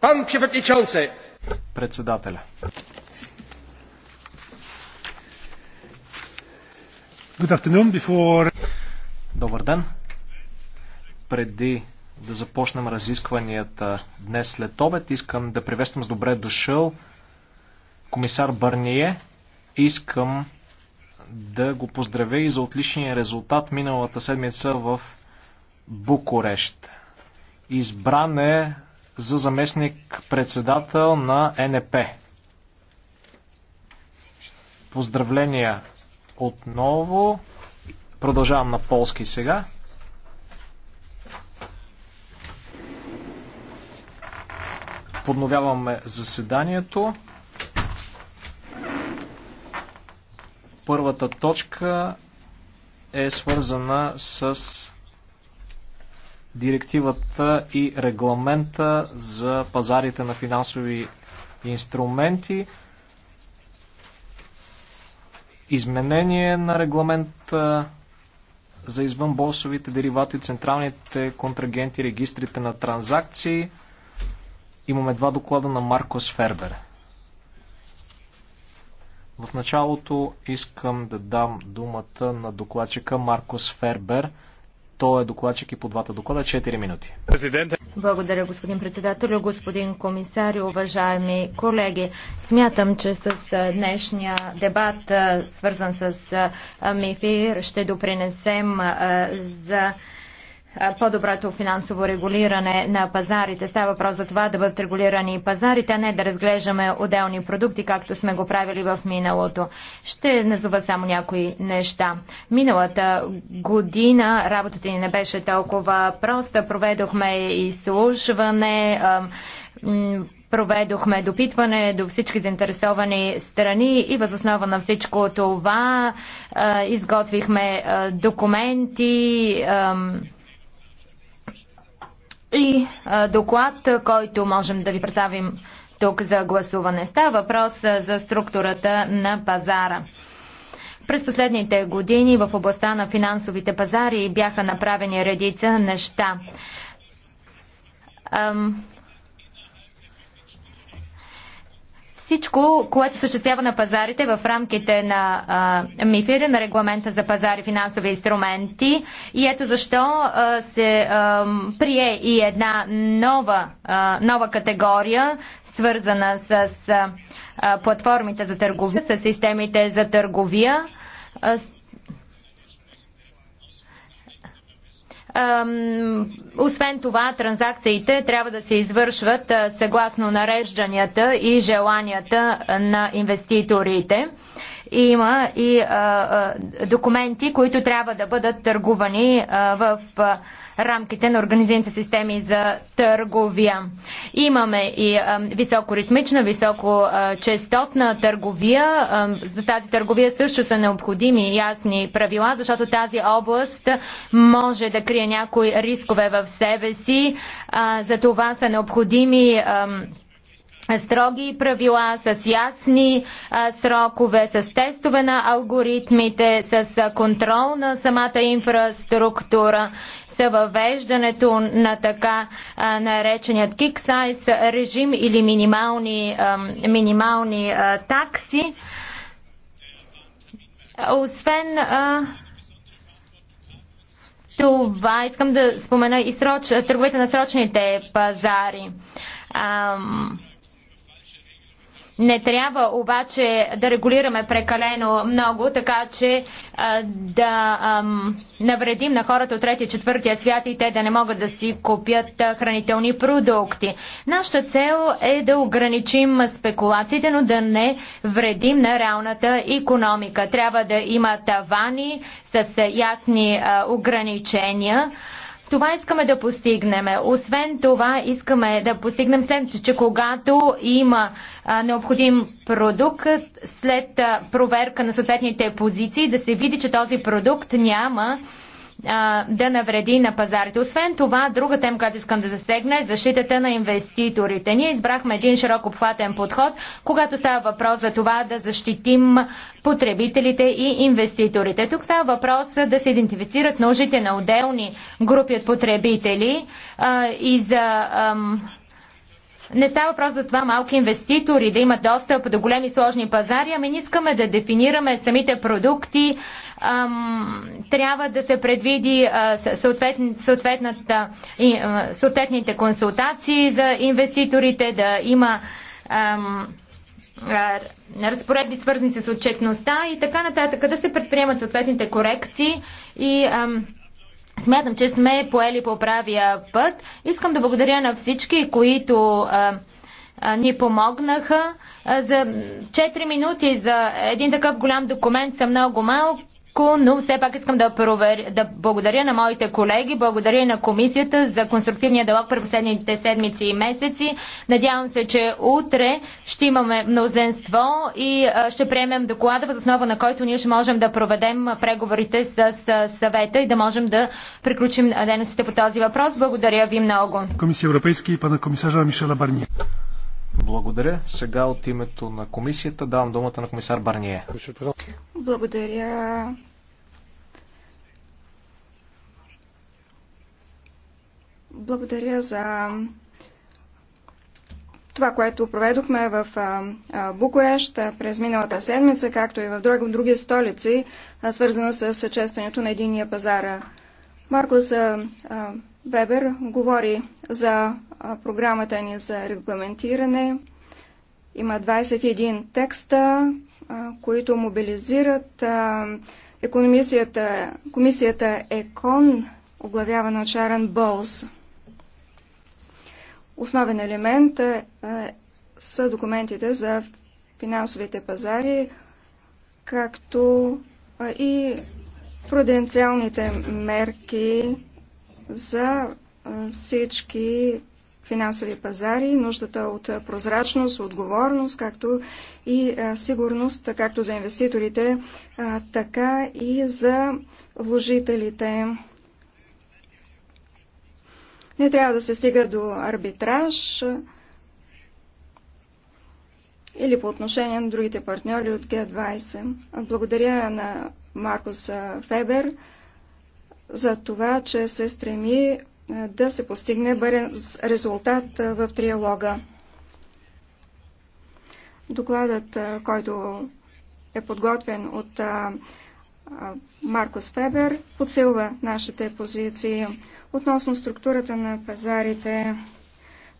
Пан Председателя. Before... Добър ден. Преди да започнем разискванията днес след обед, искам да приветствам с добре дошъл комисар Бърние. Искам да го поздравя и за отличния резултат миналата седмица в Букурещ. Избран е за заместник-председател на НЕП. Поздравления отново. Продължавам на полски сега. Подновяваме заседанието. Първата точка е свързана с директивата и регламента за пазарите на финансови инструменти, изменение на регламента за извънболсовите деривати, централните контрагенти, регистрите на транзакции. Имаме два доклада на Маркос Фербер. В началото искам да дам думата на докладчика Маркос Фербер – той е докладчик и по двата доклада. 4 минути. Благодаря, господин председател, господин комисар и уважаеми колеги. Смятам, че с днешния дебат, свързан с МИФИР, ще допринесем за по-доброто финансово регулиране на пазарите. Става въпрос за това да бъдат регулирани пазарите, а не да разглеждаме отделни продукти, както сме го правили в миналото. Ще назова само някои неща. Миналата година работата ни не беше толкова проста. Проведохме изслушване, проведохме допитване до всички заинтересовани страни и възоснова на всичко това изготвихме документи, и доклад, който можем да ви представим тук за гласуване. Става въпрос за структурата на пазара. През последните години в областта на финансовите пазари бяха направени редица неща. всичко, което съществява на пазарите в рамките на а, МИФИР, на регламента за пазари финансови инструменти. И ето защо а, се а, прие и една нова, а, нова категория, свързана с а, платформите за търговия, с системите за търговия. А, Освен това, транзакциите трябва да се извършват съгласно нарежданията и желанията на инвеститорите. Има и документи, които трябва да бъдат търгувани в рамките на организираните системи за търговия. Имаме и високоритмична, високочастотна търговия. За тази търговия също са необходими ясни правила, защото тази област може да крие някои рискове в себе си. За това са необходими строги правила, с ясни а, срокове, с тестове на алгоритмите, с а, контрол на самата инфраструктура с въвеждането на така нареченият кик сайз режим или минимални, минимални такси. Освен това, искам да спомена и сроч, търговете на срочните пазари. Ам, не трябва обаче да регулираме прекалено много, така че а, да ам, навредим на хората от третия, четвъртия свят и те да не могат да си купят а, хранителни продукти. Нашата цел е да ограничим спекулациите, но да не вредим на реалната економика. Трябва да има тавани с ясни а, ограничения. Това искаме да постигнем. Освен това, искаме да постигнем следното, че когато има необходим продукт, след проверка на съответните позиции, да се види, че този продукт няма а, да навреди на пазарите. Освен това, друга тема, която искам да засегна е защитата на инвеститорите. Ние избрахме един широк обхватен подход, когато става въпрос за това да защитим потребителите и инвеститорите. Тук става въпрос да се идентифицират нуждите на отделни групи от потребители а, и за. Ам, не става въпрос за това малки инвеститори да имат достъп до големи сложни пазари, ами не искаме да дефинираме самите продукти, ам, трябва да се предвиди а, а, съответните консултации за инвеститорите, да има ам, а, разпоредби свързани с отчетността и така нататък, да се предприемат съответните корекции и ам, Смятам, че сме поели по правия път. Искам да благодаря на всички, които а, а, ни помогнаха. А, за 4 минути за един такъв голям документ са много малко кратко, но все пак искам да, провер... да благодаря на моите колеги, благодаря и на комисията за конструктивния диалог през последните седмици и месеци. Надявам се, че утре ще имаме мнозенство и ще приемем доклада, въз основа на който ние ще можем да проведем преговорите с съвета и да можем да приключим дейностите по този въпрос. Благодаря ви много. Комисия Европейски и пана комисажа Мишела Барния. Благодаря. Сега от името на комисията давам думата на комисар Барние. Благодаря. Благодаря за това, което проведохме в Букурещ през миналата седмица, както и в други, други столици, свързано с честването на единия пазара. Маркос Вебер говори за програмата ни за регламентиране. Има 21 текста, които мобилизират економисията, комисията ЕКОН, оглавявана от Шаран Болс. Основен елемент е, са документите за финансовите пазари, както и пруденциалните мерки за всички финансови пазари, нуждата от прозрачност, отговорност, както и сигурност, както за инвеститорите, така и за вложителите. Не трябва да се стига до арбитраж или по отношение на другите партньори от Г20. Благодаря на Маркус Фебер за това, че се стреми е, да се постигне резултат е, в триалога. Докладът, е, който е подготвен от Маркос Фебер, подсилва нашите позиции относно структурата на пазарите.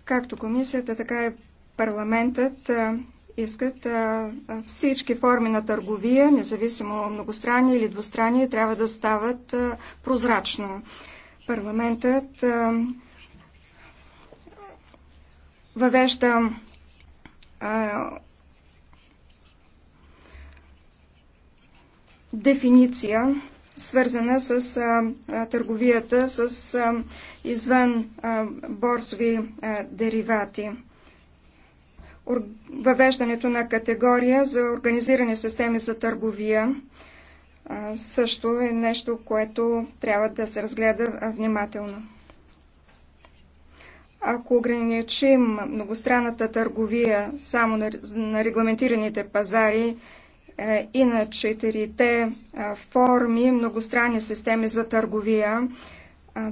Както комисията, така и парламентът искат а, всички форми на търговия, независимо многостранни или двустранни, трябва да стават а, прозрачно. Парламентът а, въвежда а, дефиниция, свързана с а, а, търговията с а, извън а, борсови а, деривати въвеждането на категория за организирани системи за търговия също е нещо, което трябва да се разгледа внимателно. Ако ограничим многостранната търговия само на регламентираните пазари е, и на четирите форми многостранни системи за търговия,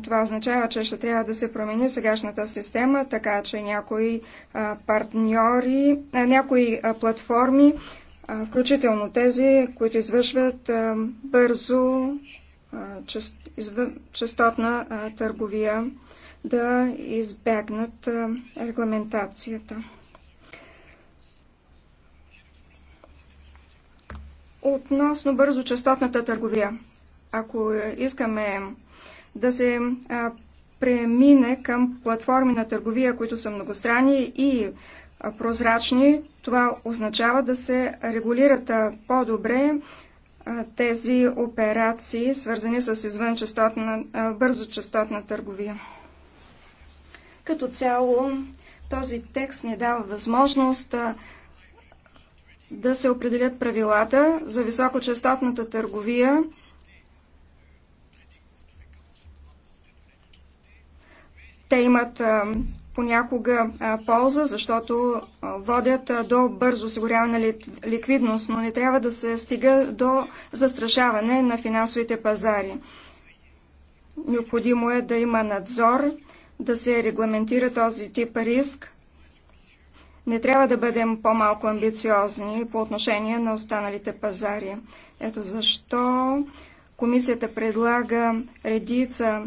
това означава, че ще трябва да се промени сегашната система, така че някои партньори, някои платформи, включително тези, които извършват бързо частотна търговия, да избегнат регламентацията. Относно бързо частотната търговия. Ако искаме да се премине към платформи на търговия, които са многостранни и прозрачни. Това означава да се регулират по-добре тези операции, свързани с извънчастотна, бързочастотна търговия. Като цяло, този текст ни дава възможност да се определят правилата за високочастотната търговия, Те имат понякога полза, защото водят до бързо осигуряване на ликвидност, но не трябва да се стига до застрашаване на финансовите пазари. Необходимо е да има надзор, да се регламентира този тип риск. Не трябва да бъдем по-малко амбициозни по отношение на останалите пазари. Ето защо комисията предлага редица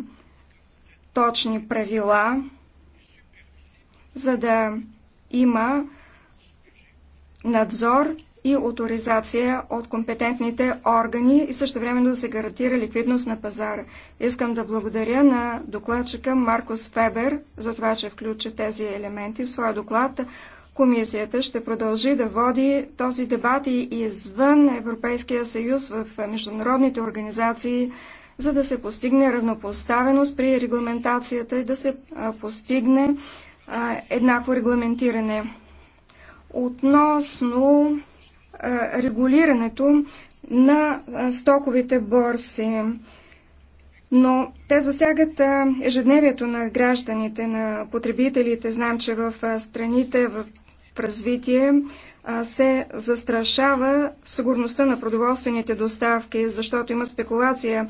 точни правила, за да има надзор и авторизация от компетентните органи и също времено да се гарантира ликвидност на пазара. Искам да благодаря на докладчика Маркос Фебер за това, че включи тези елементи в своя доклад. Комисията ще продължи да води този дебат и извън Европейския съюз в международните организации за да се постигне равнопоставеност при регламентацията и да се постигне еднакво регламентиране. Относно регулирането на стоковите борси, но те засягат ежедневието на гражданите, на потребителите. Знам, че в страните в развитие се застрашава сигурността на продоволствените доставки, защото има спекулация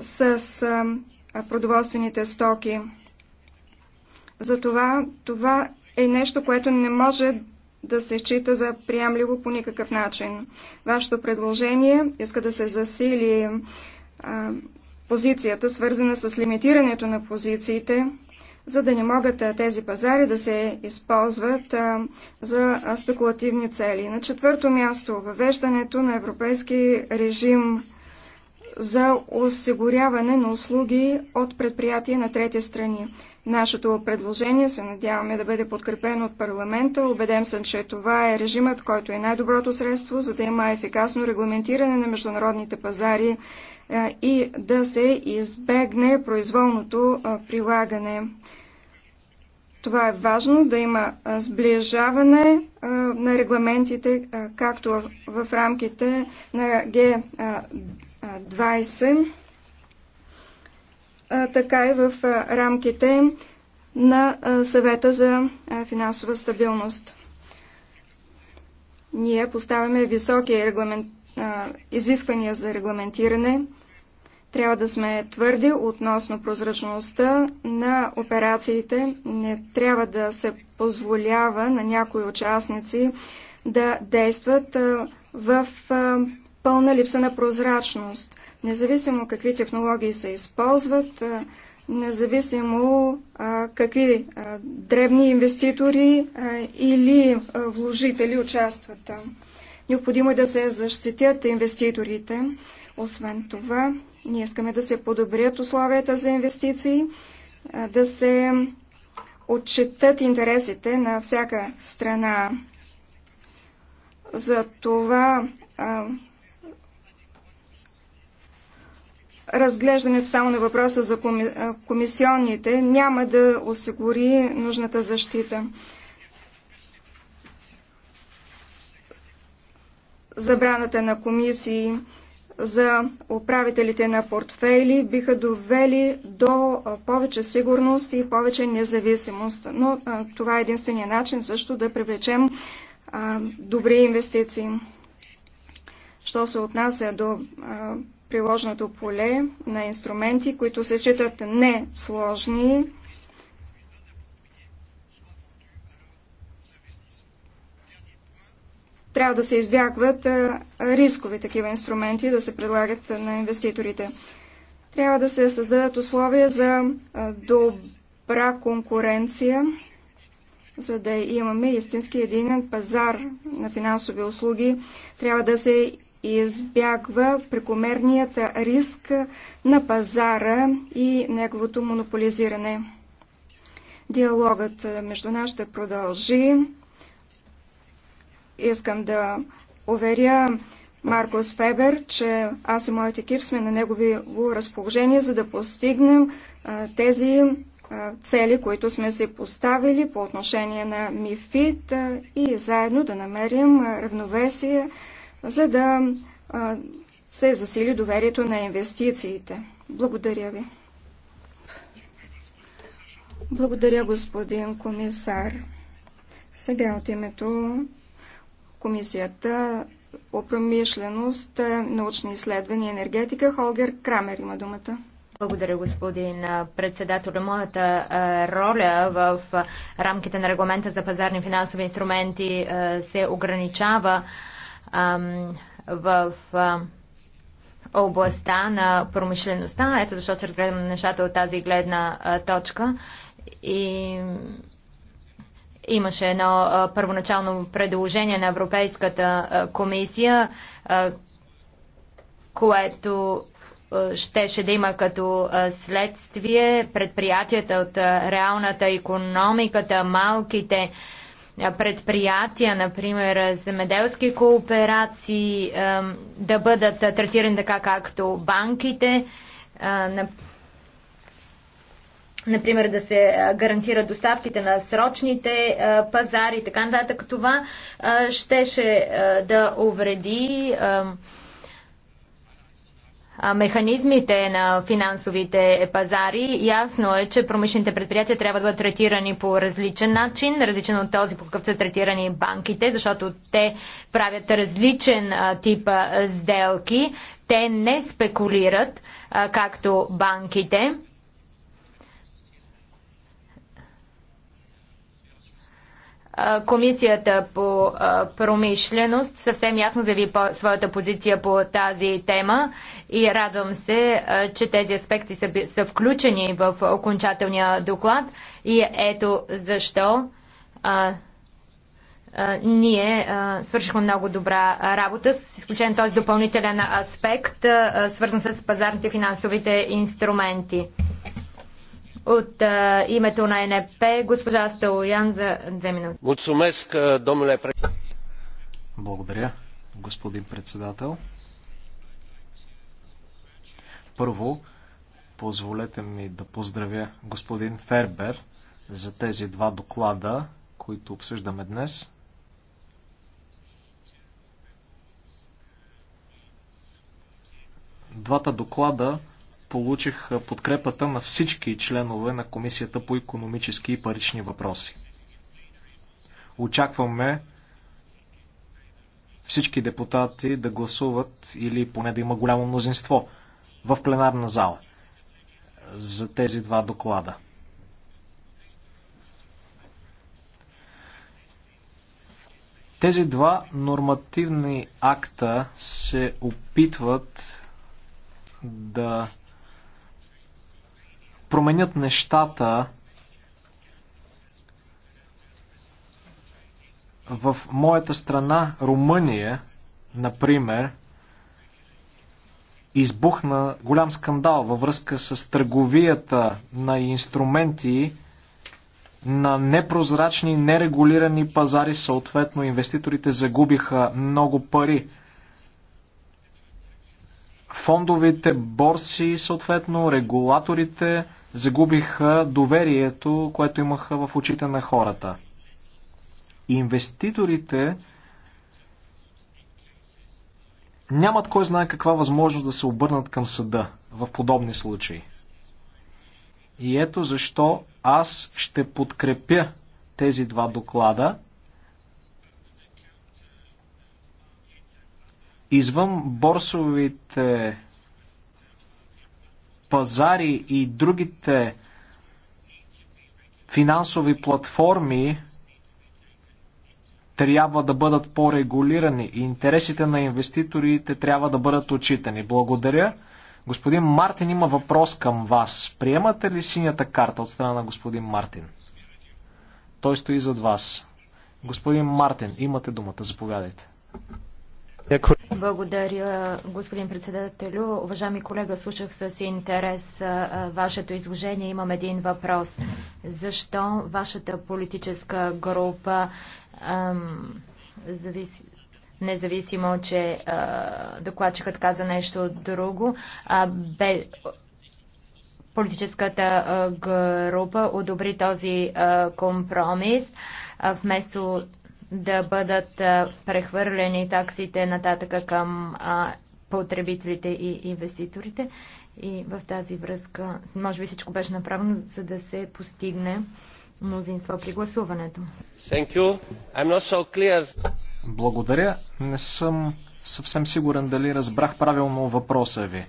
с продоволствените стоки. Затова това е нещо, което не може да се счита за приемливо по никакъв начин. Вашето предложение иска да се засили а, позицията, свързана с лимитирането на позициите, за да не могат а, тези пазари да се използват а, за спекулативни цели. На четвърто място, въвеждането на европейски режим за осигуряване на услуги от предприятия на трети страни. Нашето предложение се надяваме да бъде подкрепено от парламента. Обедем се, че това е режимът, който е най-доброто средство, за да има ефикасно регламентиране на международните пазари е, и да се избегне произволното е, прилагане. Това е важно да има е, сближаване на регламентите, както в рамките на Г. 20, така и е в рамките на съвета за финансова стабилност. Ние поставяме високи регламент... изисквания за регламентиране. Трябва да сме твърди относно прозрачността на операциите. Не трябва да се позволява на някои участници да действат в пълна липса на прозрачност. Независимо какви технологии се използват, независимо какви дребни инвеститори или вложители участват. Необходимо е да се защитят инвеститорите. Освен това, ние искаме да се подобрят условията за инвестиции, да се отчетат интересите на всяка страна. За това разглеждането само на въпроса за комисионните няма да осигури нужната защита. Забраната на комисии за управителите на портфейли биха довели до повече сигурност и повече независимост. Но това е единствения начин също да привлечем добри инвестиции. Що се отнася до приложното поле на инструменти, които се считат не сложни, трябва да се избягват рискови такива инструменти да се предлагат на инвеститорите. Трябва да се създадат условия за добра конкуренция, за да имаме истински един пазар на финансови услуги. Трябва да се избягва прекомерният риск на пазара и неговото монополизиране. Диалогът между нас ще продължи. Искам да уверя Маркос Фебер, че аз и моят екип сме на негови разположение, за да постигнем а, тези а, цели, които сме си поставили по отношение на Мифит а, и заедно да намерим равновесие за да се засили доверието на инвестициите. Благодаря ви. Благодаря, господин комисар. Сега от името Комисията по промишленост, научни изследвания и енергетика Холгер Крамер има думата. Благодаря, господин председател. Моята роля в рамките на регламента за пазарни финансови инструменти се ограничава в областта на промишлеността. Ето защо ще разгледаме нещата от тази гледна точка. И имаше едно първоначално предложение на Европейската комисия, което щеше да има като следствие предприятията от реалната економиката, малките предприятия, например земеделски кооперации, да бъдат третирани така както банките, например да се гарантират доставките на срочните пазари и така нататък. Това щеше да увреди механизмите на финансовите пазари, ясно е, че промишлените предприятия трябва да бъдат третирани по различен начин, различен от този, по какъв са третирани банките, защото те правят различен тип сделки. Те не спекулират, както банките. Комисията по промишленост съвсем ясно заяви своята позиция по тази тема и радвам се, че тези аспекти са, включени в окончателния доклад и ето защо ние свършихме много добра работа, с изключение този допълнителен аспект, свързан с пазарните финансовите инструменти. От а, името на НП, госпожа Сталоян за две минути. Муцумеск, домиле Благодаря, господин председател. Първо, позволете ми да поздравя господин Фербер за тези два доклада, които обсъждаме днес. Двата доклада получих подкрепата на всички членове на Комисията по економически и парични въпроси. Очакваме всички депутати да гласуват или поне да има голямо мнозинство в пленарна зала за тези два доклада. Тези два нормативни акта се опитват да променят нещата в моята страна, Румъния, например, избухна голям скандал във връзка с търговията на инструменти на непрозрачни, нерегулирани пазари, съответно инвеститорите загубиха много пари. Фондовите борси, съответно регулаторите загубиха доверието, което имаха в очите на хората. Инвеститорите нямат кой знае каква възможност да се обърнат към съда в подобни случаи. И ето защо аз ще подкрепя тези два доклада. Извън борсовите пазари и другите финансови платформи трябва да бъдат по-регулирани и интересите на инвеститорите трябва да бъдат отчитани. Благодаря. Господин Мартин има въпрос към вас. Приемате ли синята карта от страна на господин Мартин? Той стои зад вас. Господин Мартин, имате думата. Заповядайте. Благодаря, господин председателю. Уважаеми колега, слушах с интерес вашето изложение. Имам един въпрос. Защо вашата политическа група зависи, независимо, че а, докладчикът каза нещо друго, а, бе, политическата а, група одобри този а, компромис а, вместо да бъдат прехвърлени таксите нататъка към потребителите и инвеститорите. И в тази връзка, може би всичко беше направено, за да се постигне мнозинство при гласуването. So Благодаря. Не съм съвсем сигурен дали разбрах правилно въпроса ви.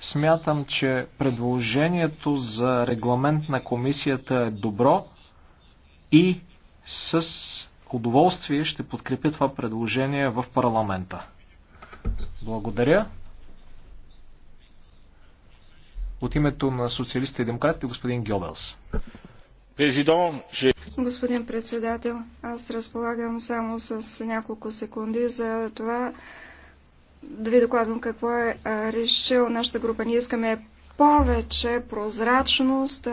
Смятам, че предложението за регламент на комисията е добро и с удоволствие ще подкрепя това предложение в парламента. Благодаря. От името на социалистите и демократите, господин Гьобелс. Господин председател, аз разполагам само с няколко секунди за това да ви докладвам какво е решил нашата група. Ние искаме повече прозрачност,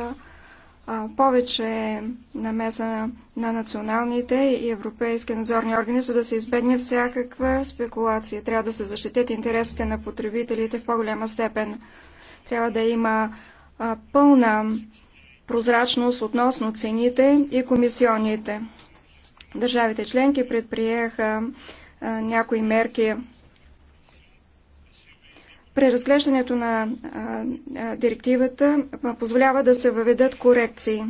повече намеса на националните и европейски надзорни органи, за да се избегне всякаква спекулация. Трябва да се защитят интересите на потребителите в по-голяма степен. Трябва да има пълна прозрачност относно цените и комисионните. Държавите членки предприеха някои мерки Преразглеждането на директивата позволява да се въведат корекции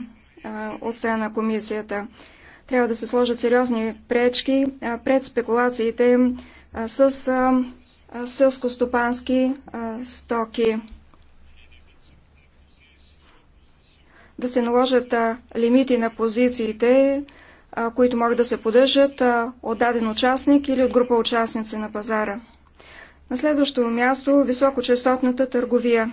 от страна на комисията. Трябва да се сложат сериозни пречки пред спекулациите с сълскостопански стоки. Да се наложат лимити на позициите, които могат да се поддържат от даден участник или от група участници на пазара. На следващо място високочастотната търговия.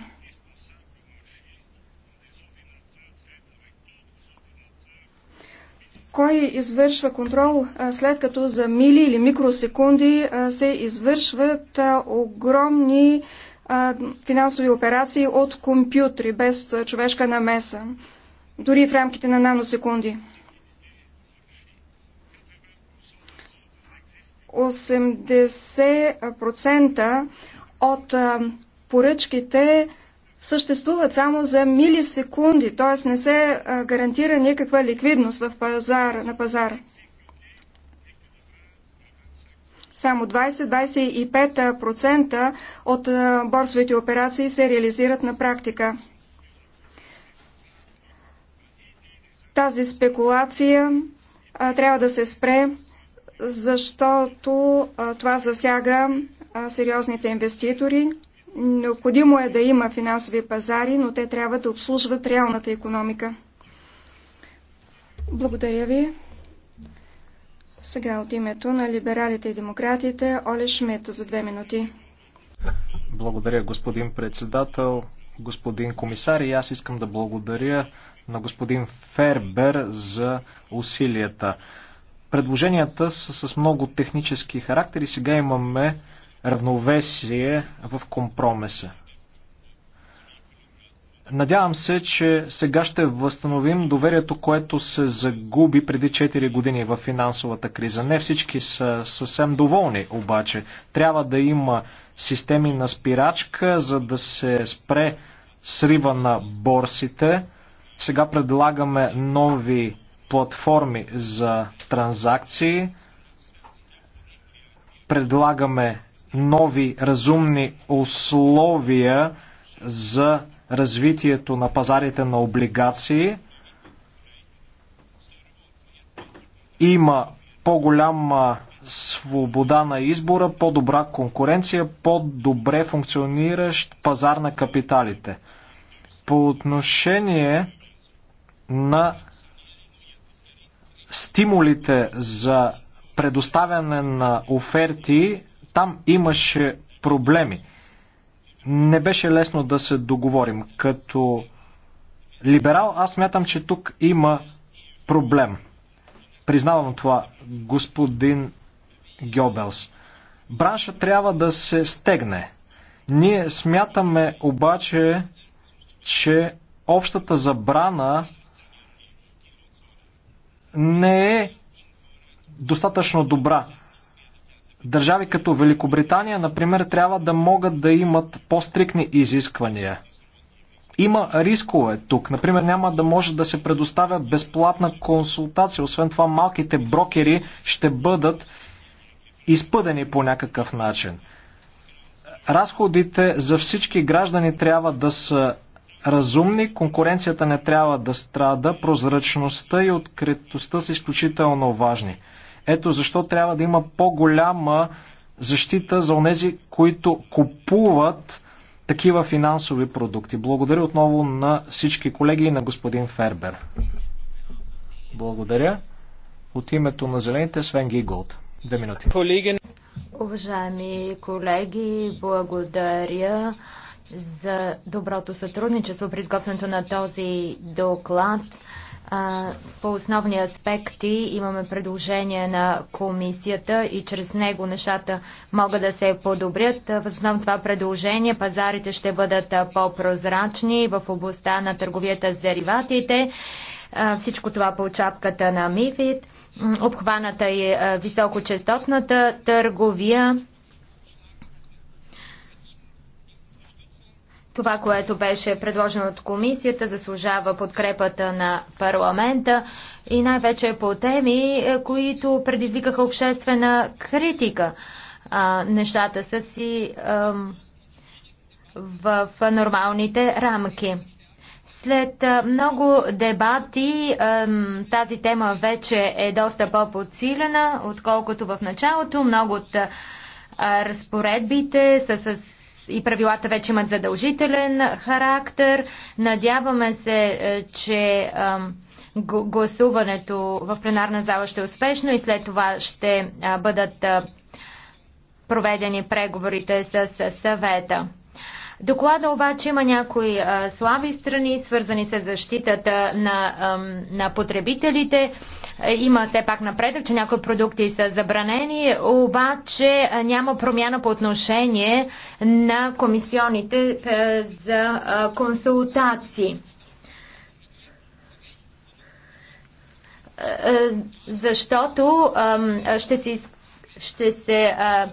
Кой извършва контрол след като за мили или микросекунди се извършват огромни финансови операции от компютри без човешка намеса, дори в рамките на наносекунди? 80% от поръчките съществуват само за милисекунди, т.е. не се гарантира никаква ликвидност в пазар, на пазара. Само 20-25% от борсовите операции се реализират на практика. Тази спекулация а, трябва да се спре защото това засяга сериозните инвеститори. Необходимо е да има финансови пазари, но те трябва да обслужват реалната економика. Благодаря ви. Сега от името на либералите и демократите Оле Шмет за две минути. Благодаря, господин председател, господин комисар и аз искам да благодаря на господин Фербер за усилията. Предложенията са с много технически характер и сега имаме равновесие в компромиса. Надявам се, че сега ще възстановим доверието, което се загуби преди 4 години в финансовата криза. Не всички са съвсем доволни, обаче. Трябва да има системи на спирачка, за да се спре срива на борсите. Сега предлагаме нови платформи за транзакции. Предлагаме нови разумни условия за развитието на пазарите на облигации. Има по-голяма свобода на избора, по-добра конкуренция, по-добре функциониращ пазар на капиталите. По отношение на стимулите за предоставяне на оферти, там имаше проблеми. Не беше лесно да се договорим. Като либерал, аз мятам, че тук има проблем. Признавам това, господин Гьобелс. Бранша трябва да се стегне. Ние смятаме обаче, че общата забрана не е достатъчно добра. Държави като Великобритания, например, трябва да могат да имат по-стрикни изисквания. Има рискове тук. Например, няма да може да се предоставя безплатна консултация. Освен това, малките брокери ще бъдат изпъдени по някакъв начин. Разходите за всички граждани трябва да са разумни, конкуренцията не трябва да страда, прозрачността и откритостта са изключително важни. Ето защо трябва да има по-голяма защита за онези, които купуват такива финансови продукти. Благодаря отново на всички колеги и на господин Фербер. Благодаря. От името на Зелените Свен Гиголд. Две минути. Уважаеми колеги, благодаря за доброто сътрудничество при изготвянето на този доклад. По основни аспекти имаме предложение на комисията и чрез него нещата могат да се подобрят. В основно това предложение пазарите ще бъдат по-прозрачни в областта на търговията с дериватите. Всичко това по чапката на МИФИД. Обхваната е високочастотната търговия Това, което беше предложено от комисията, заслужава подкрепата на парламента и най-вече по теми, е, които предизвикаха обществена критика. А, нещата са си ам, в, в нормалните рамки. След много дебати тази тема вече е доста по-подсилена, отколкото в началото. Много от разпоредбите са с и правилата вече имат задължителен характер. Надяваме се, е, че гласуването в пленарна зала ще е успешно и след това ще бъдат проведени преговорите с съвета. Доклада обаче има някои а, слаби страни, свързани с защитата на, ам, на потребителите. Има все пак напредък, че някои продукти са забранени, обаче няма промяна по отношение на комисионите а, за а, консултации. Защото а, ще се, ще се а,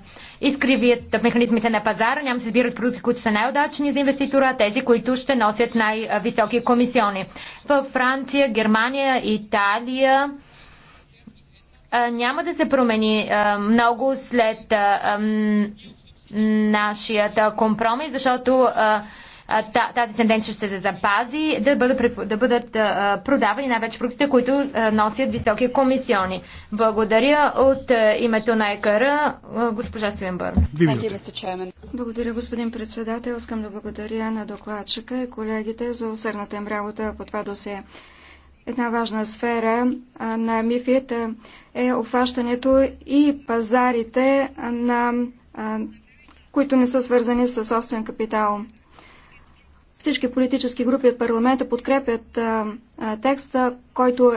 изкривият механизмите на пазара, няма да се избират продукти, които са най-удачни за инвеститора, а тези, които ще носят най-високи комисиони. В Франция, Германия, Италия няма да се промени много след нашият компромис, защото тази тенденция ще се запази, да бъдат, да бъдат продавани най-вече продукти, които носят високи комисиони. Благодаря от името на ЕКР, госпожа Свинбърн. Благодаря, господин председател. Искам да благодаря на докладчика и колегите за усърната им работа по това досие. Една важна сфера на МИФИТ е обхващането и пазарите на които не са свързани с собствен капитал. Всички политически групи от парламента подкрепят текста, който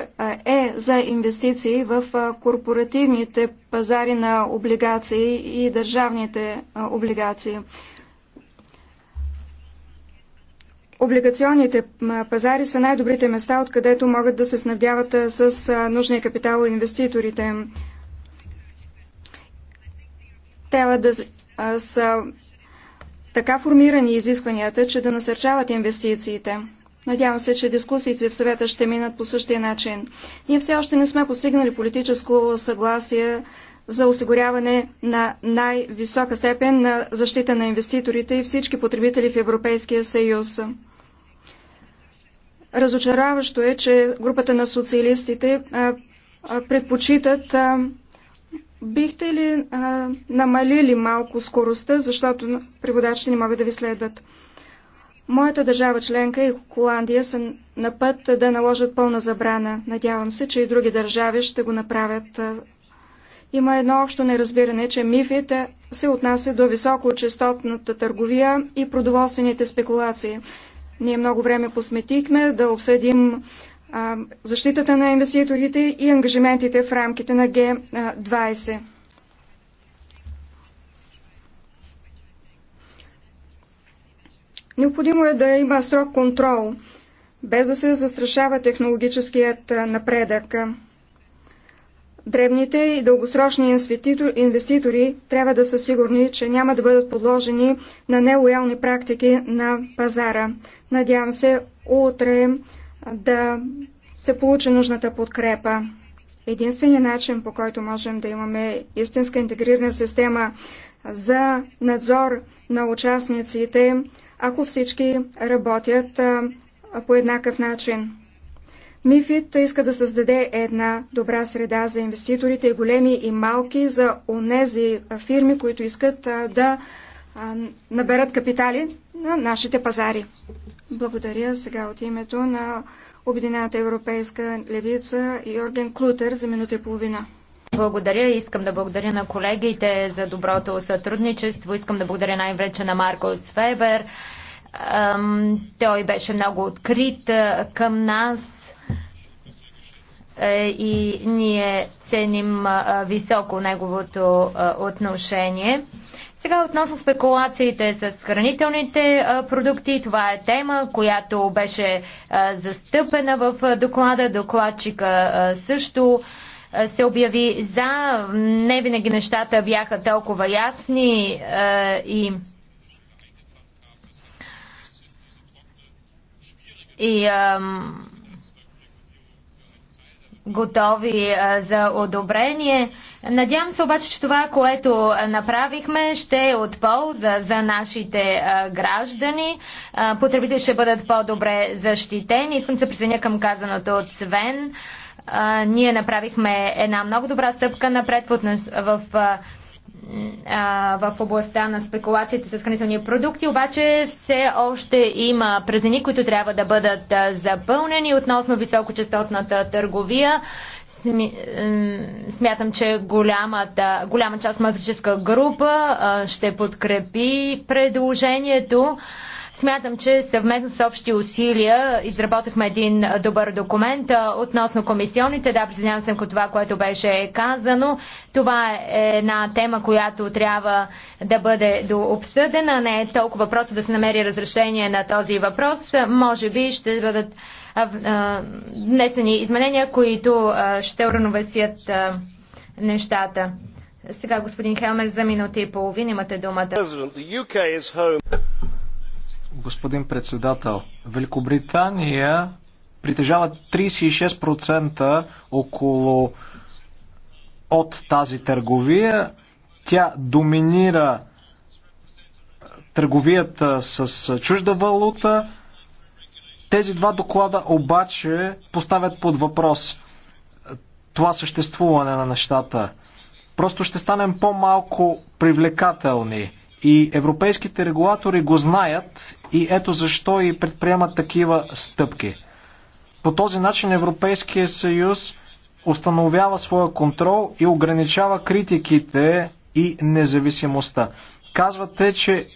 е за инвестиции в корпоративните пазари на облигации и държавните облигации. Облигационните пазари са най-добрите места, откъдето могат да се снабдяват с нужния капитал инвеститорите. Трябва да са така формирани изискванията, че да насърчават инвестициите. Надявам се, че дискусиите в съвета ще минат по същия начин. Ние все още не сме постигнали политическо съгласие за осигуряване на най-висока степен на защита на инвеститорите и всички потребители в Европейския съюз. Разочароващо е, че групата на социалистите предпочитат Бихте ли а, намалили малко скоростта, защото преводачите не могат да ви следват? Моята държава членка и Холандия са на път да наложат пълна забрана. Надявам се, че и други държави ще го направят. Има едно общо неразбиране, че мифът се отнася до високочастотната търговия и продоволствените спекулации. Ние много време посметихме да обсъдим защитата на инвеститорите и ангажиментите в рамките на Г20. Необходимо е да има срок контрол, без да се застрашава технологическият напредък. Дребните и дългосрочни инвеститори трябва да са сигурни, че няма да бъдат подложени на нелоялни практики на пазара. Надявам се утре да се получи нужната подкрепа. Единственият начин, по който можем да имаме истинска интегрирана система за надзор на участниците, ако всички работят по еднакъв начин. Мифит иска да създаде една добра среда за инвеститорите, големи и малки, за онези фирми, които искат да наберат капитали на нашите пазари. Благодаря сега от името на Обединената европейска левица Йорген Клутер за минута и половина. Благодаря. Искам да благодаря на колегите за доброто сътрудничество. Искам да благодаря най-вече на Марко Фебер. Той беше много открит към нас е, и ние ценим високо неговото отношение. Сега относно спекулациите с хранителните продукти, това е тема, която беше застъпена в доклада. Докладчика също се обяви за. Не винаги нещата бяха толкова ясни и и готови за одобрение. Надявам се обаче, че това, което направихме, ще е от полза за нашите граждани. Потребите ще бъдат по-добре защитени. Искам да се присъединя към казаното от Свен. Ние направихме една много добра стъпка напред в, в в областта на спекулациите с хранителни продукти, обаче все още има празени, които трябва да бъдат запълнени относно високочастотната търговия. Смятам, че голямата, голяма част от магическа група ще подкрепи предложението. Смятам, че съвместно с общи усилия изработихме един добър документ относно комисионните. Да, признавам се към това, което беше казано. Това е една тема, която трябва да бъде дообсъдена. Не е толкова въпроса да се намери разрешение на този въпрос. Може би ще бъдат внесени изменения, които ще уравновесят нещата. Сега, господин Хелмер, за минута и половина имате думата господин председател. Великобритания притежава 36% около от тази търговия. Тя доминира търговията с чужда валута. Тези два доклада обаче поставят под въпрос това съществуване на нещата. Просто ще станем по-малко привлекателни. И европейските регулатори го знаят и ето защо и предприемат такива стъпки. По този начин Европейския съюз установява своя контрол и ограничава критиките и независимостта. Казвате, че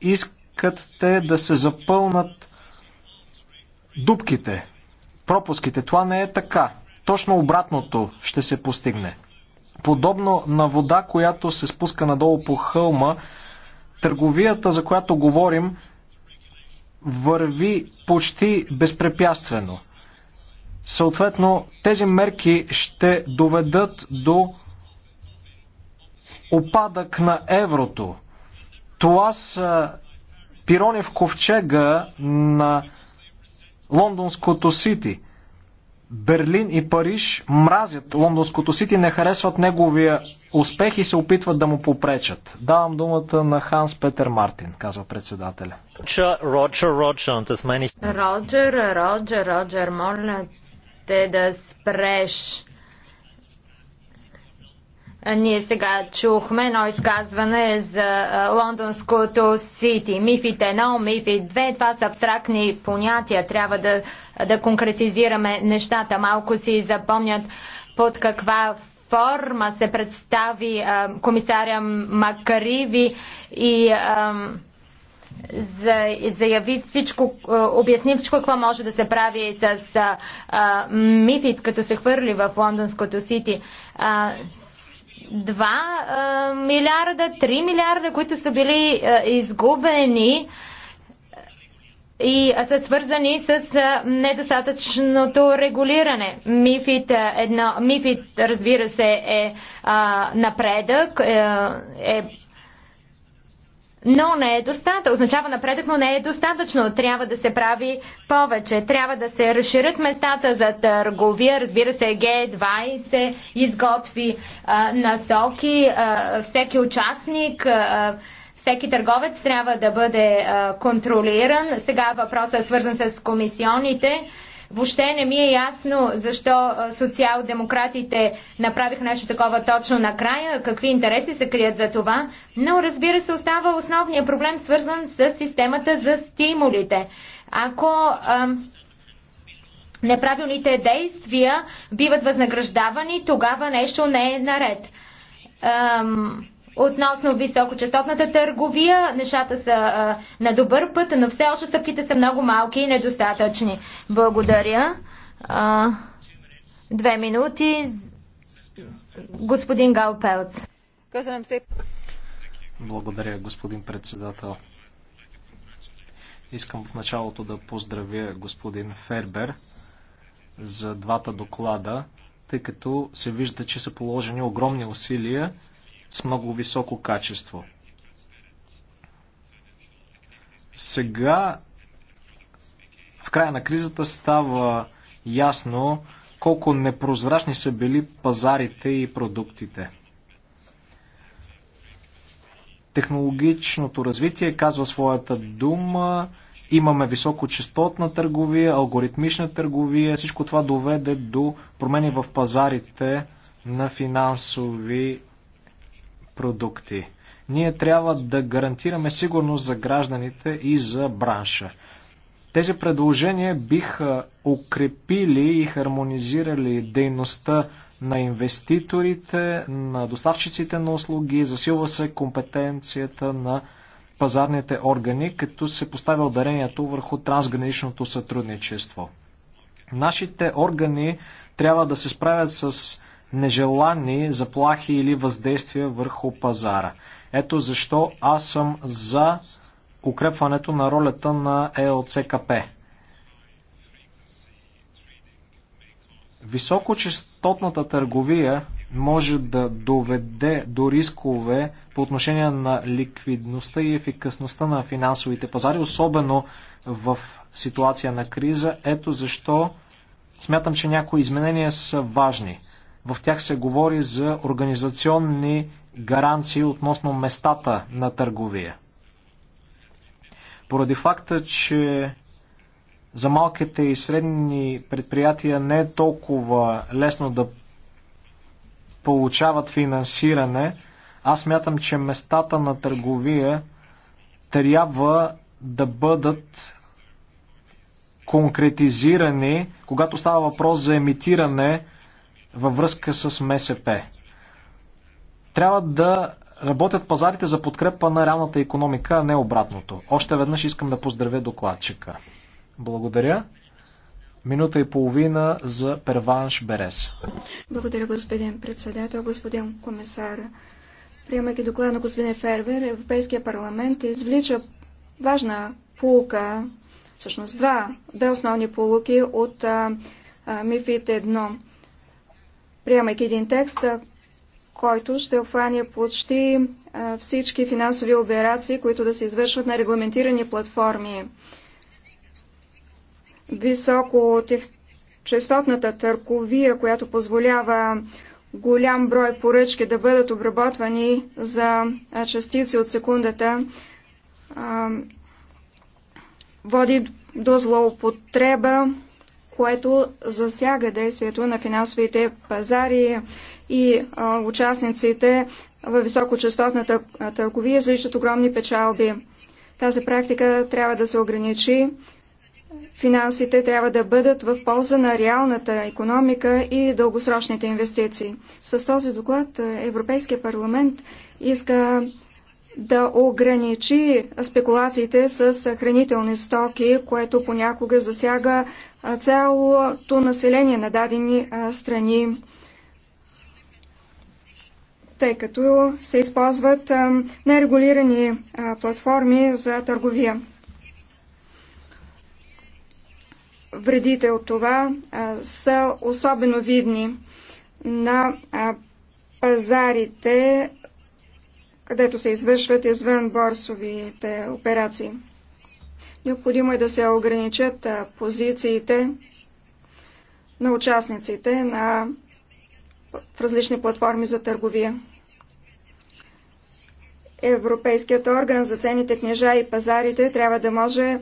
искат те да се запълнат дупките, пропуските. Това не е така. Точно обратното ще се постигне. Подобно на вода, която се спуска надолу по хълма, Търговията, за която говорим, върви почти безпрепятствено. Съответно, тези мерки ще доведат до опадък на еврото. Това са пирони в ковчега на лондонското Сити – Берлин и Париж мразят лондонското сити, не харесват неговия успех и се опитват да му попречат. Давам думата на Ханс Петър Мартин, казва председателя. Роджер, Роджер, Роджер, Роджер, моля те да спреш. Ние сега чухме едно изказване за лондонското сити. Мифите 1, мифи 2, това са абстрактни понятия. Трябва да да конкретизираме нещата. Малко си запомнят под каква форма се представи а, комисаря Макариви и а, за, заяви всичко, обясни всичко, какво може да се прави с а, Мифит, като се хвърли в лондонското сити. А, 2 а, милиарда, 3 милиарда, които са били а, изгубени. А, и са свързани с недостатъчното регулиране. Мифит, едно, мифит разбира се, е а, напредък, е, е, но не е достатъчно. Означава напредък, но не е достатъчно. Трябва да се прави повече. Трябва да се разширят местата за търговия. Разбира се, Г20 изготви а, насоки. А, всеки участник. А, всеки търговец трябва да бъде контролиран. Сега въпросът е свързан с комисионите. Въобще не ми е ясно защо социал-демократите направиха нещо такова точно накрая, какви интереси се крият за това, но разбира се остава основният проблем свързан с системата за стимулите. Ако ам, неправилните действия биват възнаграждавани, тогава нещо не е наред. Ам, Относно високочастотната търговия, нещата са а, на добър път, но все още стъпките са много малки и недостатъчни. Благодаря. А, две минути. Господин Галпелц. Благодаря, господин председател. Искам в началото да поздравя господин Фербер за двата доклада, тъй като се вижда, че са положени огромни усилия с много високо качество. Сега, в края на кризата, става ясно колко непрозрачни са били пазарите и продуктите. Технологичното развитие казва своята дума имаме високочастотна търговия, алгоритмична търговия. Всичко това доведе до промени в пазарите на финансови продукти. Ние трябва да гарантираме сигурност за гражданите и за бранша. Тези предложения биха укрепили и хармонизирали дейността на инвеститорите, на доставчиците на услуги, засилва се компетенцията на пазарните органи, като се поставя ударението върху трансграничното сътрудничество. Нашите органи трябва да се справят с нежелани заплахи или въздействия върху пазара. Ето защо аз съм за укрепването на ролята на ЕОЦКП. Високочастотната търговия може да доведе до рискове по отношение на ликвидността и ефикасността на финансовите пазари, особено в ситуация на криза. Ето защо смятам, че някои изменения са важни – в тях се говори за организационни гаранции относно местата на търговия. Поради факта, че за малките и средни предприятия не е толкова лесно да получават финансиране, аз мятам, че местата на търговия трябва да бъдат конкретизирани, когато става въпрос за емитиране във връзка с МСП. Трябва да работят пазарите за подкрепа на реалната економика, а не обратното. Още веднъж искам да поздравя докладчика. Благодаря. Минута и половина за Перванш Берес. Благодаря, господин председател, господин комисар. Приемайки доклад на господин Фервер, Европейския парламент извлича важна полука, всъщност два, две основни полуки от а, а, МИФИТ приемайки един текст, който ще обхване почти всички финансови операции, които да се извършват на регламентирани платформи. Високо тех... частотната търговия, която позволява голям брой поръчки да бъдат обработвани за частици от секундата, води до злоупотреба което засяга действието на финансовите пазари и а, участниците във високочастотната търговия извличат огромни печалби. Тази практика трябва да се ограничи. Финансите трябва да бъдат в полза на реалната економика и дългосрочните инвестиции. С този доклад Европейския парламент иска да ограничи спекулациите с хранителни стоки, което понякога засяга цялото население на дадени страни, тъй като се използват нерегулирани платформи за търговия. Вредите от това са особено видни на пазарите, където се извършват извън борсовите операции. Необходимо е да се ограничат позициите на участниците на в различни платформи за търговия. Европейският орган за цените книжа и пазарите трябва да може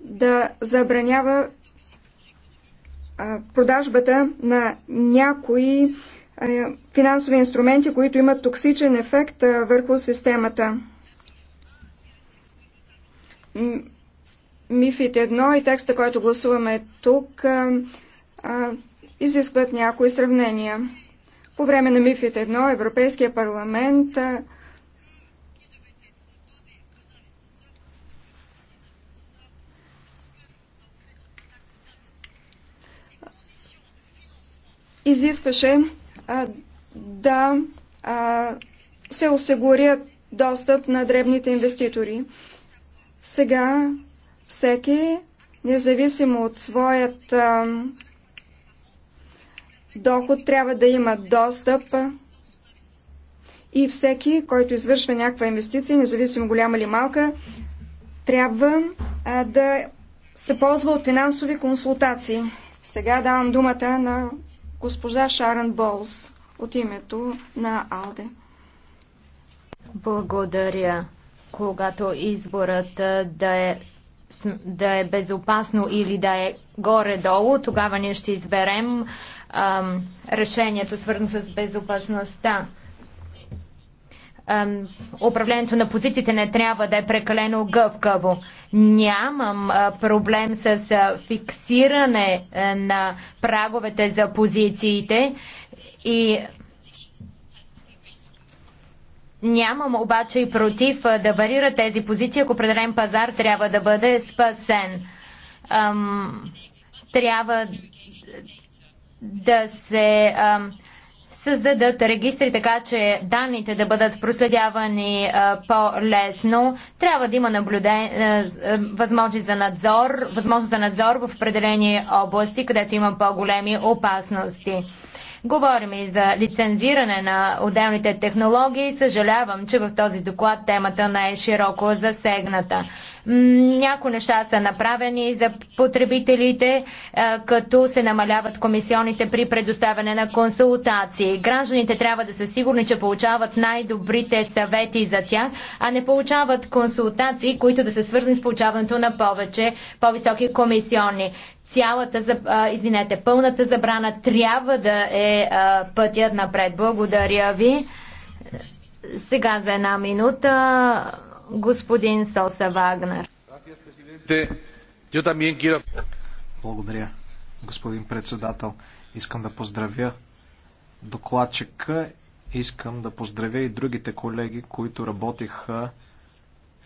да забранява продажбата на някои финансови инструменти, които имат токсичен ефект върху системата. МИФИТ 1 и текста, който гласуваме тук, а, а, изискват някои сравнения. По време на МИФИТ 1 Европейския парламент а, изискваше а, да а, се осигурят достъп на дребните инвеститори. Сега всеки, независимо от своят а, доход, трябва да има достъп и всеки, който извършва някаква инвестиция, независимо голяма или малка, трябва а, да се ползва от финансови консултации. Сега давам думата на госпожа Шаран Болс от името на АЛДЕ. Благодаря. Когато изборът да е да е безопасно или да е горе-долу, тогава ние ще изберем ам, решението свързано с безопасността. Ам, управлението на позициите не трябва да е прекалено гъвкаво. Нямам а, проблем с а, фиксиране а, е, на праговете за позициите и Нямам обаче и против да варира тези позиции, ако определен пазар трябва да бъде спасен. Ам, трябва да се ам, създадат регистри, така че данните да бъдат проследявани по-лесно. Трябва да има наблюден, възможност за надзор, възможност за надзор в определени области, където има по-големи опасности. Говорим и за лицензиране на отделните технологии. Съжалявам, че в този доклад темата не е широко засегната. Някои неща са направени за потребителите, като се намаляват комисионите при предоставяне на консултации. Гражданите трябва да са сигурни, че получават най-добрите съвети за тях, а не получават консултации, които да са свързани с получаването на повече по-високи комисионни цялата, извинете, пълната забрана трябва да е пътят напред. Благодаря ви. Сега за една минута господин Соса Вагнер. Благодаря, господин председател. Искам да поздравя докладчика. Искам да поздравя и другите колеги, които работиха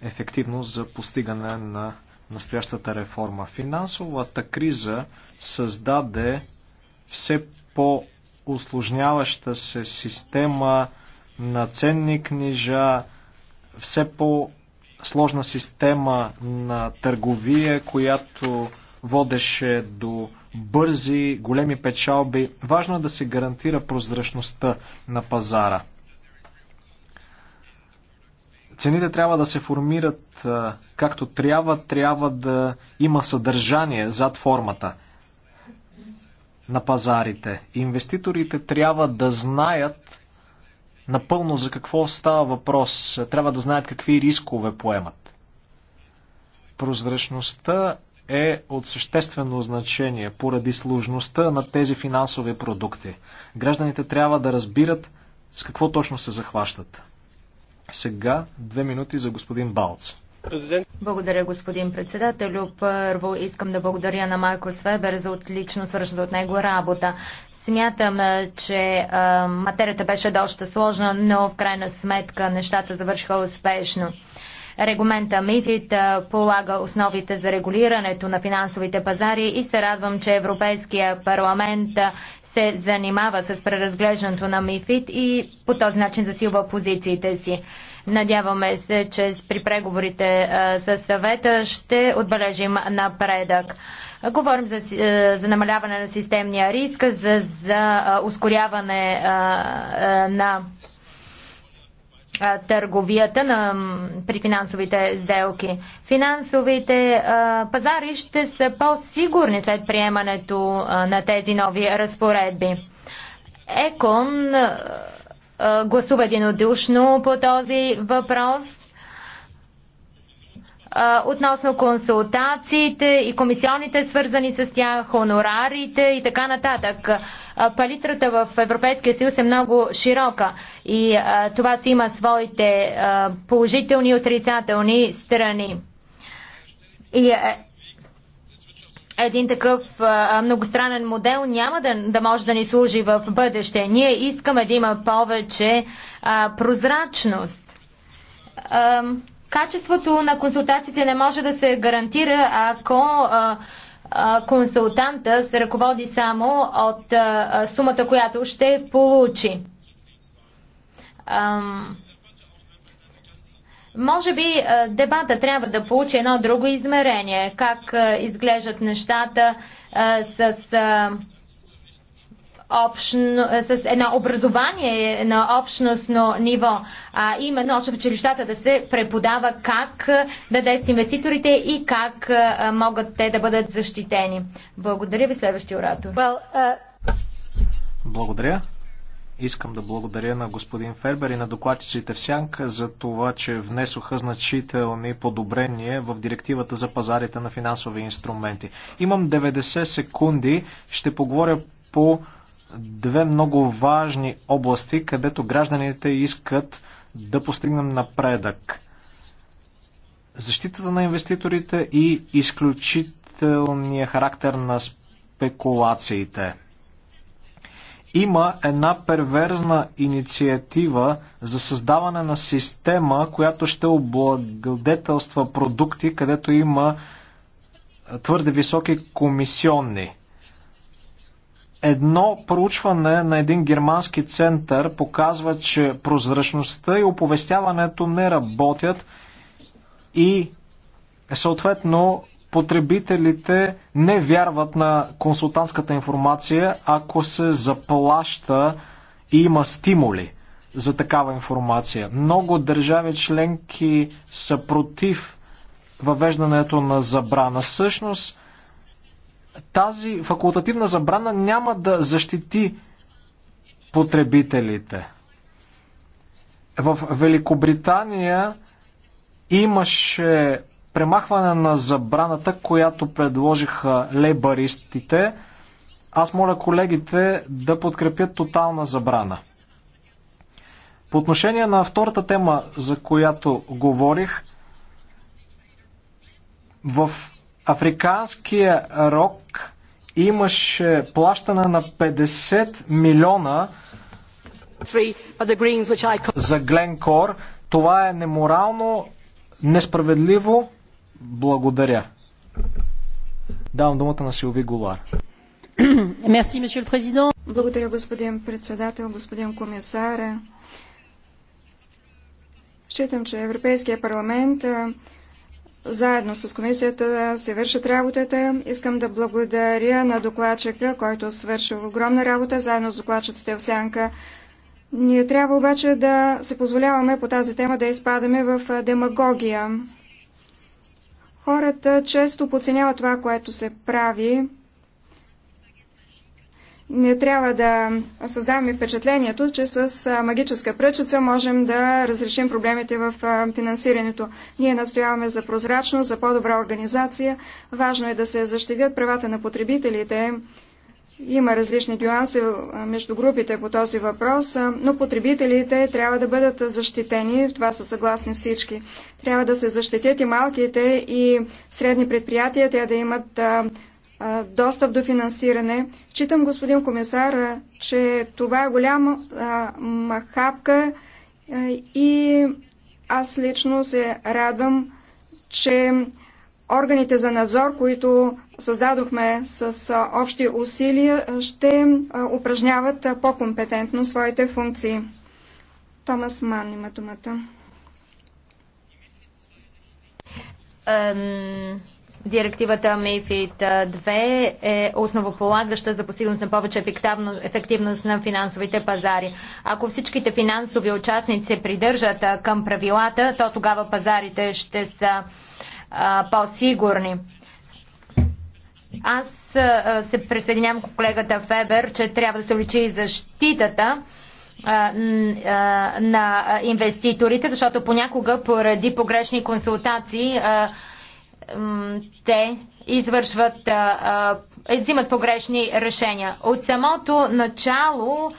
ефективно за постигане на настоящата реформа. Финансовата криза създаде все по-усложняваща се система на ценни книжа, все по-сложна система на търговия, която водеше до бързи, големи печалби. Важно е да се гарантира прозрачността на пазара. Цените трябва да се формират както трябва, трябва да има съдържание зад формата на пазарите. Инвеститорите трябва да знаят напълно за какво става въпрос. Трябва да знаят какви рискове поемат. Прозрачността е от съществено значение поради сложността на тези финансови продукти. Гражданите трябва да разбират с какво точно се захващат. Сега две минути за господин Балц. Президент. Благодаря, господин председател. Първо искам да благодаря на Майкл Свебер за отлично свършена от него работа. Смятам, че материята беше доста сложна, но в крайна сметка нещата завършиха успешно. Регламента Мифит полага основите за регулирането на финансовите пазари и се радвам, че Европейския парламент се занимава с преразглеждането на Мифит и по този начин засилва позициите си. Надяваме се, че при преговорите със съвета ще отбележим напредък. Говорим за, за намаляване на системния риск, за, за ускоряване на търговията на, при финансовите сделки. Финансовите а, пазари ще са по-сигурни след приемането а, на тези нови разпоредби. ЕКОН а, гласува единодушно по този въпрос относно консултациите и комисионите свързани с тях, хонорарите и така нататък. Палитрата в Европейския съюз е много широка и това си има своите положителни и отрицателни страни. И един такъв а, многостранен модел няма да, да може да ни служи в бъдеще. Ние искаме да има повече а, прозрачност. А, Качеството на консултациите не може да се гарантира, ако консултанта се ръководи само от сумата, която ще получи. Може би дебата трябва да получи едно друго измерение. Как изглеждат нещата с общно, е, с едно образование на общностно ниво, а именно още в училищата да се преподава как е, да с инвеститорите и как а, е, могат те да бъдат защитени. Благодаря ви, следващия оратор. Well, uh... Благодаря. Искам да благодаря на господин Фербер и на докладчиците в Сянк за това, че внесоха значителни подобрения в директивата за пазарите на финансови инструменти. Имам 90 секунди, ще поговоря по две много важни области, където гражданите искат да постигнем напредък. Защитата на инвеститорите и изключителния характер на спекулациите. Има една перверзна инициатива за създаване на система, която ще облагодетелства продукти, където има твърде високи комисионни Едно проучване на един германски център показва, че прозрачността и оповестяването не работят и съответно потребителите не вярват на консултантската информация, ако се заплаща и има стимули за такава информация. Много държави членки са против въвеждането на забрана. Същност, тази факултативна забрана няма да защити потребителите. В Великобритания имаше премахване на забраната, която предложиха лейбаристите. Аз моля колегите да подкрепят тотална забрана. По отношение на втората тема, за която говорих, в африканския рок имаше плащане на 50 милиона за Гленкор. Това е неморално, несправедливо. Благодаря. Давам думата на Силви Голар. Благодаря, господин председател, господин комисар. Считам, че Европейския парламент заедно с комисията се вършат работата. Искам да благодаря на докладчика, който свърши огромна работа, заедно с докладчиците в Сянка. Ние трябва обаче да се позволяваме по тази тема да изпадаме в демагогия. Хората често подценяват това, което се прави, не трябва да създаваме впечатлението, че с магическа пръчица можем да разрешим проблемите в финансирането. Ние настояваме за прозрачност, за по-добра организация. Важно е да се защитят правата на потребителите. Има различни нюанси между групите по този въпрос, но потребителите трябва да бъдат защитени, в това са съгласни всички. Трябва да се защитят и малките и средни предприятия, те да имат достъп до финансиране. Читам, господин комисар, че това е голяма махапка и аз лично се радвам, че органите за надзор, които създадохме с общи усилия, ще упражняват по-компетентно своите функции. Томас Ман има думата. Um Директивата МИФИД 2 е основополагаща за постигнат на повече ефективност на финансовите пазари. Ако всичките финансови участници се придържат към правилата, то тогава пазарите ще са по-сигурни. Аз се присъединявам към колегата Фебер, че трябва да се увеличи защитата на инвеститорите, защото понякога поради погрешни консултации те извършват, взимат погрешни решения. От самото начало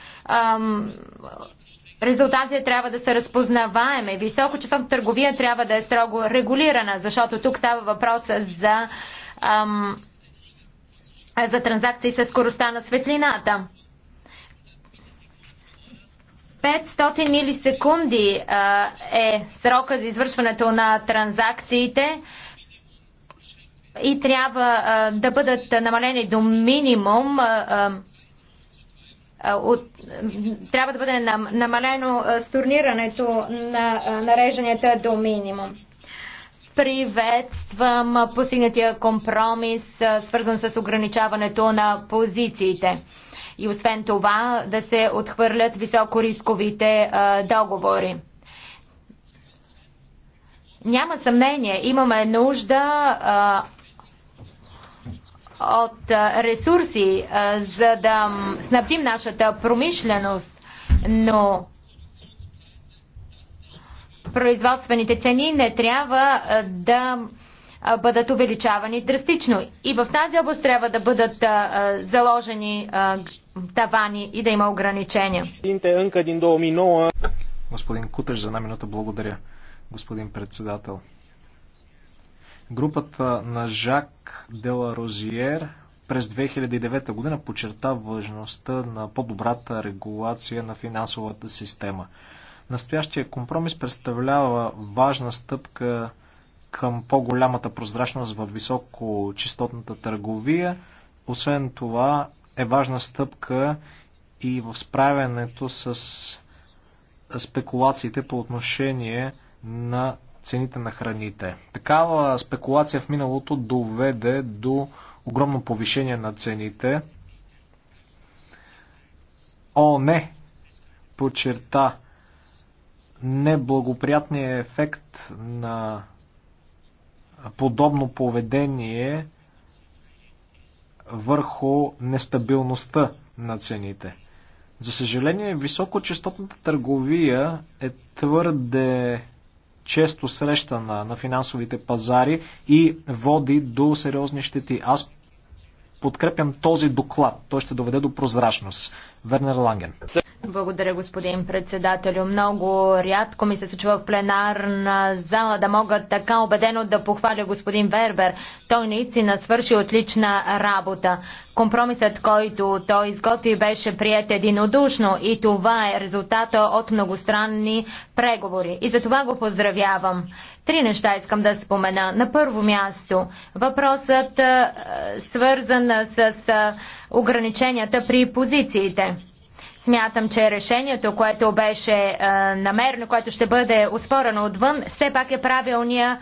резултатите трябва да са разпознаваеми. Високочастотна търговия трябва да е строго регулирана, защото тук става въпрос за, за транзакции с скоростта на светлината. 500 милисекунди а, е срока за извършването на транзакциите. А, и трябва а, да бъдат намалени до минимум. А, а, от, трябва да бъде нам, намалено стурнирането на нареженията до минимум. Приветствам постигнатия компромис, свързан с ограничаването на позициите. И освен това да се отхвърлят високорисковите договори. Няма съмнение, имаме нужда от ресурси, за да снабдим нашата промишленост, но производствените цени не трябва да бъдат увеличавани драстично. И в тази област трябва да бъдат заложени тавани и да има ограничения. Господин Кутеш, за една минута благодаря, господин председател. Групата на Жак Дела Розиер през 2009 година подчерта важността на по-добрата регулация на финансовата система. Настоящия компромис представлява важна стъпка към по-голямата прозрачност в високочастотната търговия. Освен това е важна стъпка и в справянето с спекулациите по отношение на цените на храните. Такава спекулация в миналото доведе до огромно повишение на цените. О, не! Почерта неблагоприятният ефект на подобно поведение върху нестабилността на цените. За съжаление, високочастотната търговия е твърде често срещана на финансовите пазари и води до сериозни щети. Аз подкрепям този доклад. Той ще доведе до прозрачност. Вернер Ланген. Благодаря, господин председателю. Много рядко ми се случва в пленарна зала да мога така убедено да похваля господин Вербер. Той наистина свърши отлична работа. Компромисът, който той изготви, беше прият единодушно и това е резултата от многостранни преговори. И за това го поздравявам. Три неща искам да спомена. На първо място, въпросът свързан с ограниченията при позициите. Смятам, че решението, което беше намерено, което ще бъде успорено отвън, все пак е правилния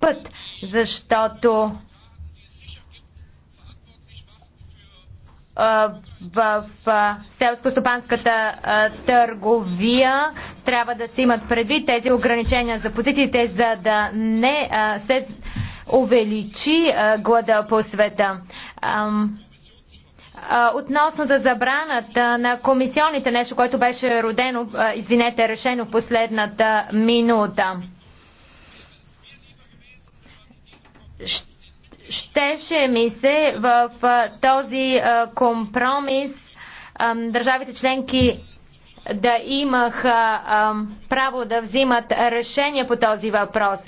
път, защото в селско-стопанската търговия трябва да се имат предвид тези ограничения за позициите, за да не се увеличи глада по света относно за забраната на комисионните, нещо, което беше родено, извинете, решено в последната минута. Щеше ми се в този компромис държавите членки да имаха право да взимат решение по този въпрос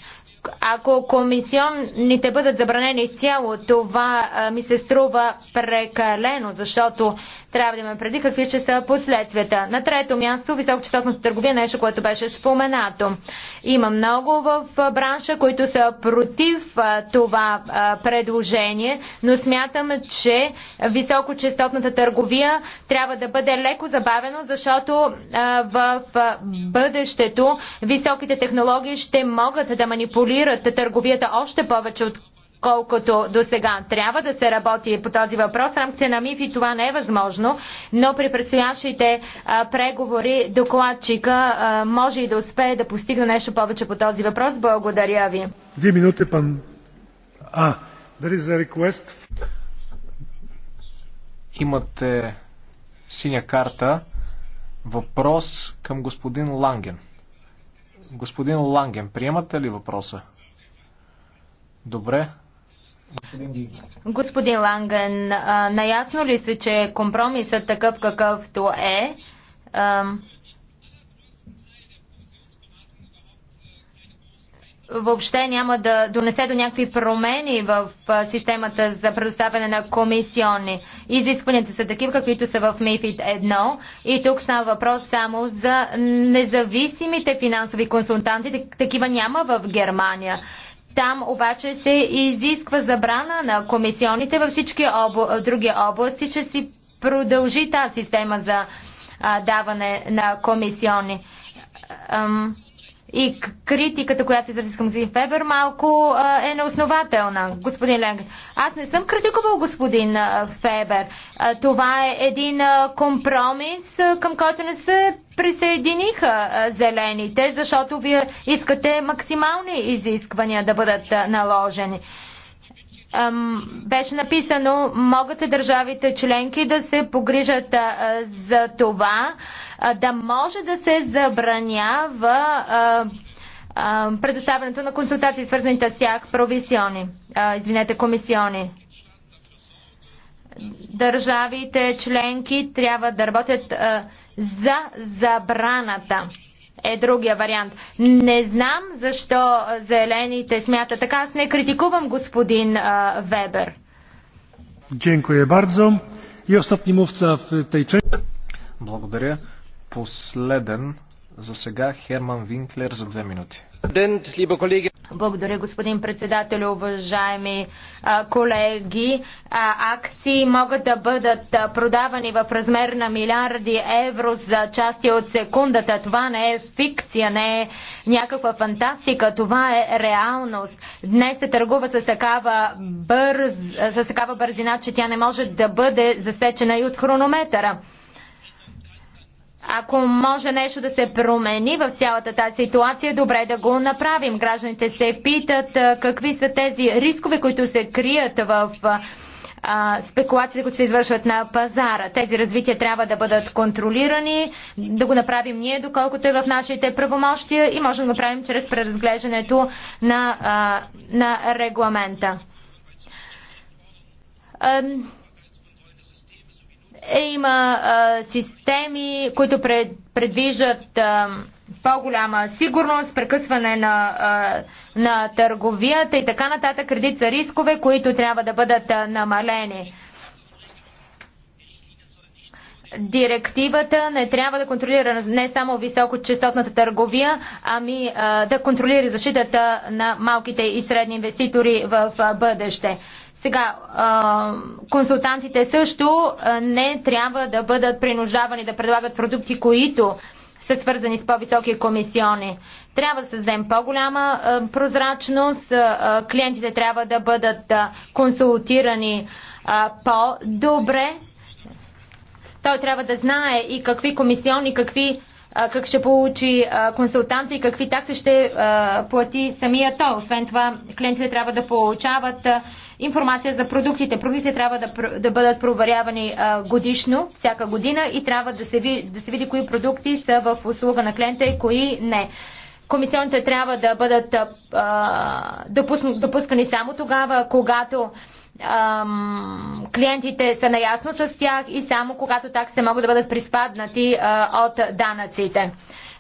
ако комисионните бъдат забранени изцяло, това ми се струва прекалено, защото трябва да имаме преди какви ще са последствията. На трето място, високочастотната търговия, нещо, което беше споменато. Има много в бранша, които са против това предложение, но смятам, че високочастотната търговия трябва да бъде леко забавено, защото в бъдещето високите технологии ще могат да манипулират търговията още повече от Колкото до сега. Трябва да се работи по този въпрос. В рамките на МИФ и това не е възможно, но при предстоящите а, преговори докладчика а, може и да успее да постигне нещо повече по този въпрос. Благодаря ви. Две минути, пан... А, дали за реквест? Имате синя карта. Въпрос към господин Ланген. Господин Ланген, приемате ли въпроса? Добре, Господин Ланген, наясно ли се, че компромисът е такъв какъвто е, въобще няма да донесе до някакви промени в системата за предоставяне на комисионни. Изискванията са такива, каквито са в МИФИД 1 и тук става въпрос само за независимите финансови консултанти. Такива няма в Германия. Там обаче се изисква забрана на комисионите във всички обла... други области, че си продължи тази система за а, даване на комисиони. Ам... И критиката, която изрази към господин Фебер, малко а, е неоснователна, господин Ленг. Аз не съм критикувал господин а, Фебер. А, това е един а, компромис, а, към който не се присъединиха а, зелените, защото вие искате максимални изисквания да бъдат а, наложени беше написано, могат държавите членки да се погрижат за това, да може да се забранява предоставянето на консултации, свързаните с тях провисиони, извинете, комисиони. Държавите членки трябва да работят за забраната е другия вариант. Не знам защо зелените смятат така. Аз не критикувам господин Вебер. Дякую бардзо. И остатни мовца в тъй części. Благодаря. Последен за сега Херман Винклер за две минути. Благодаря, господин председател, уважаеми а, колеги. А, акции могат да бъдат продавани в размер на милиарди евро за части от секундата. Това не е фикция, не е някаква фантастика, това е реалност. Днес се търгува с такава, бърз, с такава бързина, че тя не може да бъде засечена и от хронометъра. Ако може нещо да се промени в цялата тази ситуация, добре да го направим. Гражданите се питат какви са тези рискове, които се крият в спекулациите, които се извършват на пазара. Тези развития трябва да бъдат контролирани, да го направим ние, доколкото е в нашите правомощия и можем да го правим чрез преразглеждането на, на регламента. Е, има а, системи, които пред, предвиждат а, по-голяма сигурност, прекъсване на, а, на търговията и така нататък, редица рискове, които трябва да бъдат а, намалени. Директивата не трябва да контролира не само високочастотната търговия, ами а, да контролира защитата на малките и средни инвеститори в а, бъдеще. Сега, консултантите също не трябва да бъдат принуждавани да предлагат продукти, които са свързани с по-високи комисиони. Трябва да създадем по-голяма прозрачност, клиентите трябва да бъдат консултирани по-добре. Той трябва да знае и какви комисиони, какви как ще получи консултанта и какви такси ще плати самия то. Освен това, клиентите трябва да получават информация за продуктите. Продуктите трябва да, да бъдат проверявани а, годишно, всяка година и трябва да се, да се види кои продукти са в услуга на клиента и кои не. Комисионите трябва да бъдат а, допусн, допускани само тогава, когато ам, клиентите са наясно с тях и само когато таксите могат да бъдат приспаднати а, от данъците.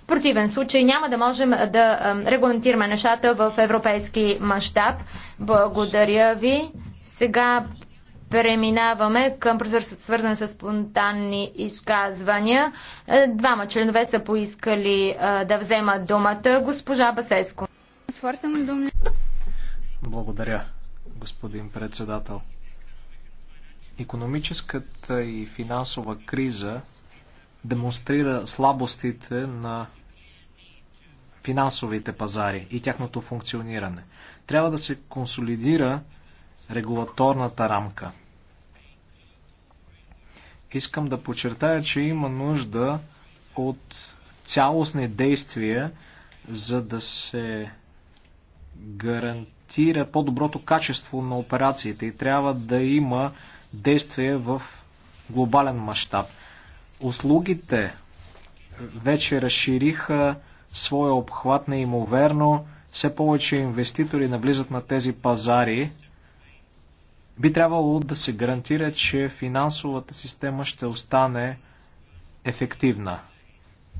В противен случай няма да можем да регламентираме нещата в европейски мащаб. Благодаря ви. Сега преминаваме към процедурата, свързане с спонтанни изказвания. Е, двама членове са поискали е, да вземат думата. Госпожа Басеско. Благодаря, господин председател. Економическата и финансова криза демонстрира слабостите на финансовите пазари и тяхното функциониране. Трябва да се консолидира регулаторната рамка. Искам да подчертая, че има нужда от цялостни действия, за да се гарантира по-доброто качество на операциите и трябва да има действия в глобален мащаб. Услугите вече разшириха своя обхват неимоверно. Все повече инвеститори навлизат на тези пазари. Би трябвало да се гарантира, че финансовата система ще остане ефективна.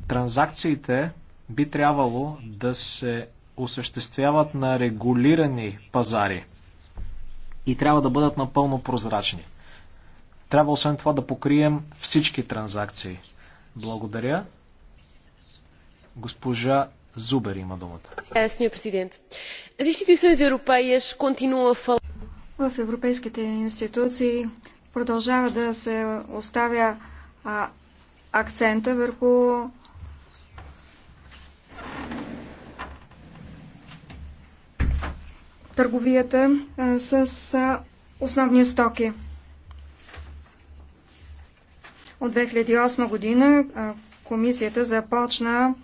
Транзакциите би трябвало да се осъществяват на регулирани пазари и трябва да бъдат напълно прозрачни. Трябва освен това да покрием всички транзакции. Благодаря. Госпожа Зубер има думата. Е, в европейските институции продължава да се оставя а, акцента върху търговията а, с а, основни стоки. От 2008 година комисията започна,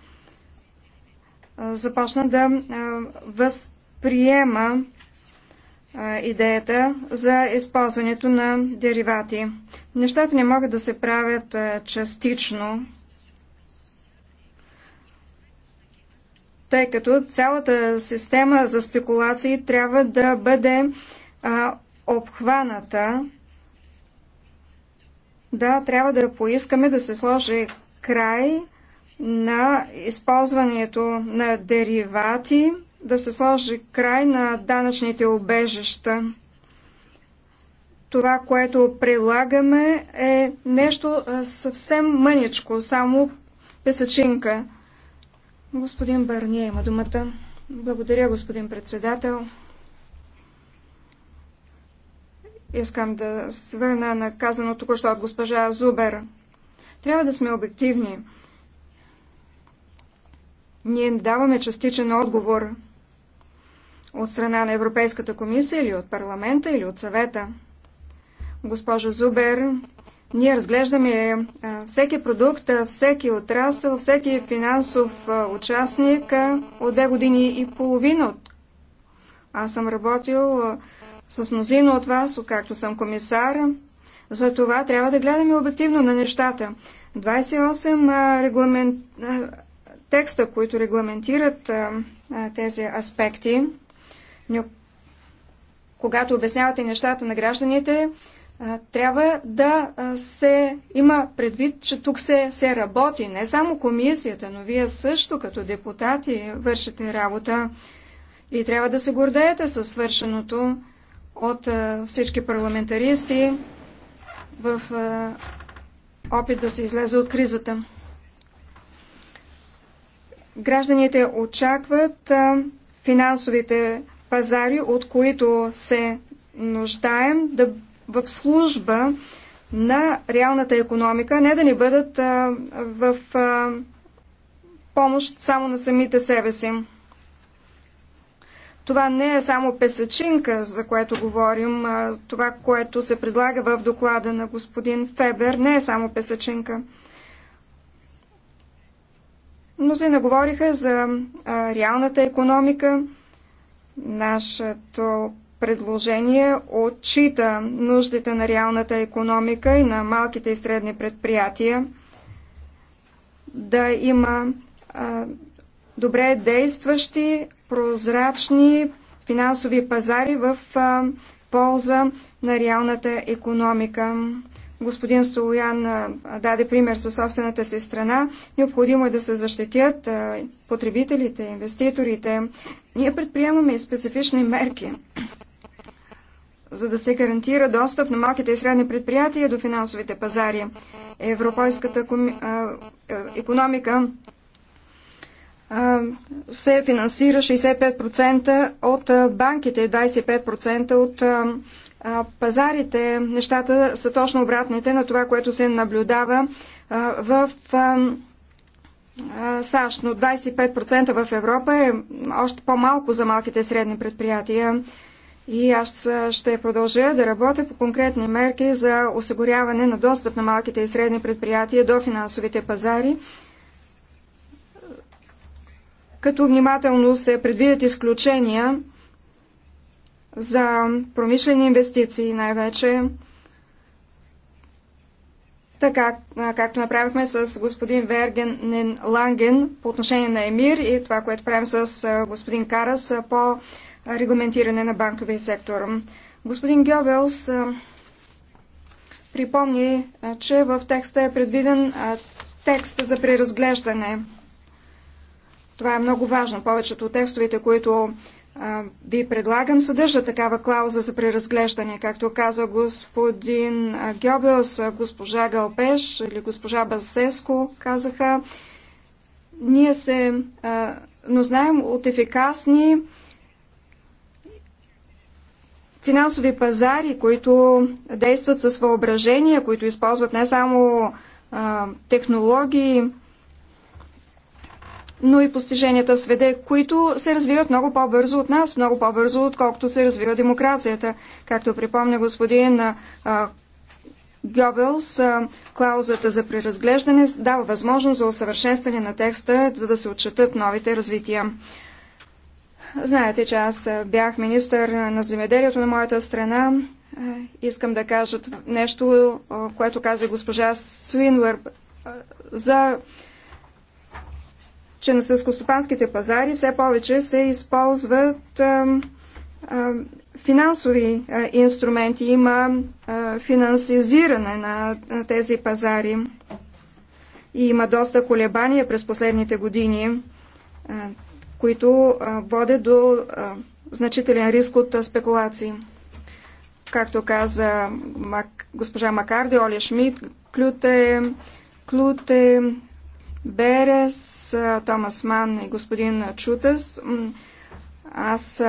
започна да възприема идеята за използването на деривати. Нещата не могат да се правят частично, тъй като цялата система за спекулации трябва да бъде обхваната да трябва да поискаме да се сложи край на използването на деривати, да се сложи край на данъчните обежища. Това, което прилагаме е нещо съвсем мъничко, само песачинка. Господин Барния има думата. Благодаря, господин председател. Искам да свърна на казаното току-що от госпожа Зубер. Трябва да сме обективни. Ние даваме частичен отговор от страна на Европейската комисия или от парламента или от съвета. Госпожо Зубер, ние разглеждаме всеки продукт, всеки отрасъл, всеки финансов участник от две години и половина. Аз съм работил с мнозина от вас, откакто съм комисар. За това трябва да гледаме обективно на нещата. 28 регламент... текста, които регламентират тези аспекти, когато обяснявате нещата на гражданите, трябва да се има предвид, че тук се, се работи. Не само комисията, но вие също като депутати вършите работа и трябва да се гордеете със свършеното от е, всички парламентаристи в е, опит да се излезе от кризата. Гражданите очакват е, финансовите пазари, от които се нуждаем, да в служба на реалната економика, не да ни бъдат в помощ само на самите себе си. Това не е само песачинка, за което говорим. Това, което се предлага в доклада на господин Фебер, не е само песачинка. се говориха за а, реалната економика. Нашето предложение отчита нуждите на реалната економика и на малките и средни предприятия да има а, добре действащи, прозрачни финансови пазари в полза на реалната економика. Господин Столоян даде пример със собствената си страна. Необходимо е да се защитят потребителите, инвеститорите. Ние предприемаме и специфични мерки, за да се гарантира достъп на малките и средни предприятия до финансовите пазари. Европейската е, економика се финансира 65% от банките, 25% от пазарите. Нещата са точно обратните на това, което се наблюдава в САЩ, но 25% в Европа е още по-малко за малките и средни предприятия. И аз ще продължа да работя по конкретни мерки за осигуряване на достъп на малките и средни предприятия до финансовите пазари като внимателно се предвидят изключения за промишлени инвестиции най-вече, така както направихме с господин Верген Ланген по отношение на Емир и това, което правим с господин Карас по регламентиране на банковия сектор. Господин Гьобелс припомни, че в текста е предвиден текст за преразглеждане това е много важно. Повечето от текстовете, които ви предлагам, съдържа такава клауза за преразглеждане, както каза господин Гьобелс, госпожа Галпеш или госпожа Басеско казаха. Ние се, но знаем от ефикасни финансови пазари, които действат с въображение, които използват не само технологии, но и постиженията в света, които се развиват много по-бързо от нас, много по-бързо, отколкото се развива демокрацията. Както припомня господин Гьобелс, клаузата за преразглеждане дава възможност за усъвършенстване на текста, за да се отчетат новите развития. Знаете, че аз бях министър на земеделието на моята страна. Искам да кажа нещо, което каза госпожа Свинвърб за че на съскостопанските пазари все повече се използват а, а, финансови а, инструменти, има а, финансизиране на, на тези пазари и има доста колебания през последните години, а, които а, водят до а, значителен риск от а, спекулации. Както каза Мак, госпожа Макарди, Оля Шмидт, Клюте, Клюте, Берес, Томас Ман и господин Чутас. Аз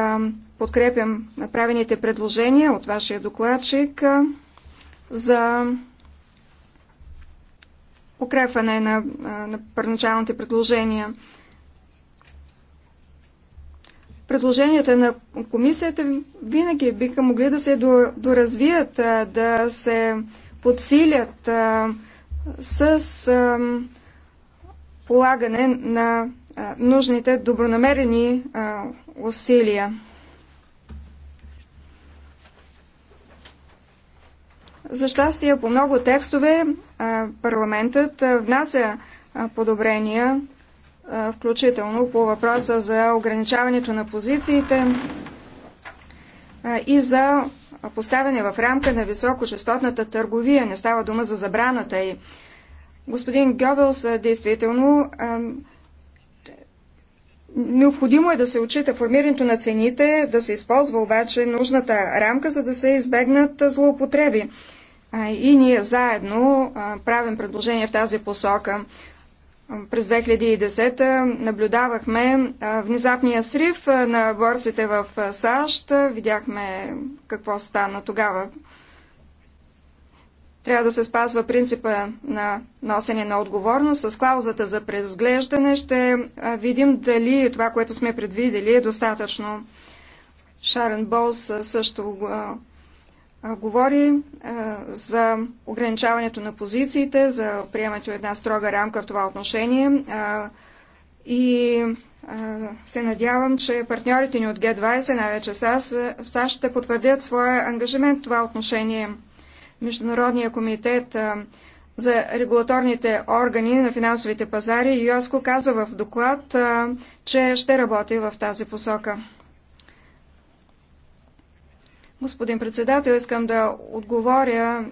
подкрепям направените предложения от вашия докладчик за укрепване на, на първоначалните предложения. Предложенията на комисията винаги биха могли да се доразвият, да се подсилят с полагане на нужните добронамерени усилия. За щастие, по много текстове парламентът внася подобрения, включително по въпроса за ограничаването на позициите и за поставяне в рамка на високочастотната търговия. Не става дума за забраната и господин Гьобелс действително Необходимо е да се отчита формирането на цените, да се използва обаче нужната рамка, за да се избегнат злоупотреби. И ние заедно правим предложение в тази посока. През 2010 наблюдавахме внезапния срив на борсите в САЩ. Видяхме какво стана тогава трябва да се спазва принципа на носене на отговорност. С клаузата за презглеждане ще видим дали това, което сме предвидели, е достатъчно. Шарен Болс също говори за ограничаването на позициите, за приемането една строга рамка в това отношение и се надявам, че партньорите ни от Г20, най-вече САЩ, ще потвърдят своя ангажимент в това отношение. Международния комитет за регулаторните органи на финансовите пазари, ЮАСКО каза в доклад, че ще работи в тази посока. Господин председател, искам да отговоря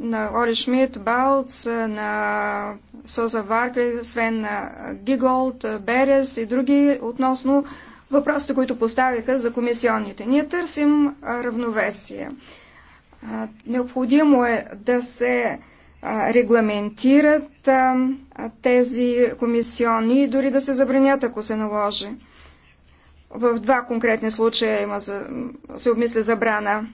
на Оли Шмидт, Балц, на Соза Варка, Свен Гиголд, Берес и други относно въпросите, които поставиха за комисионните. Ние търсим равновесие. Необходимо е да се регламентират тези комисиони и дори да се забранят, ако се наложи. В два конкретни случая има за, се обмисля забрана.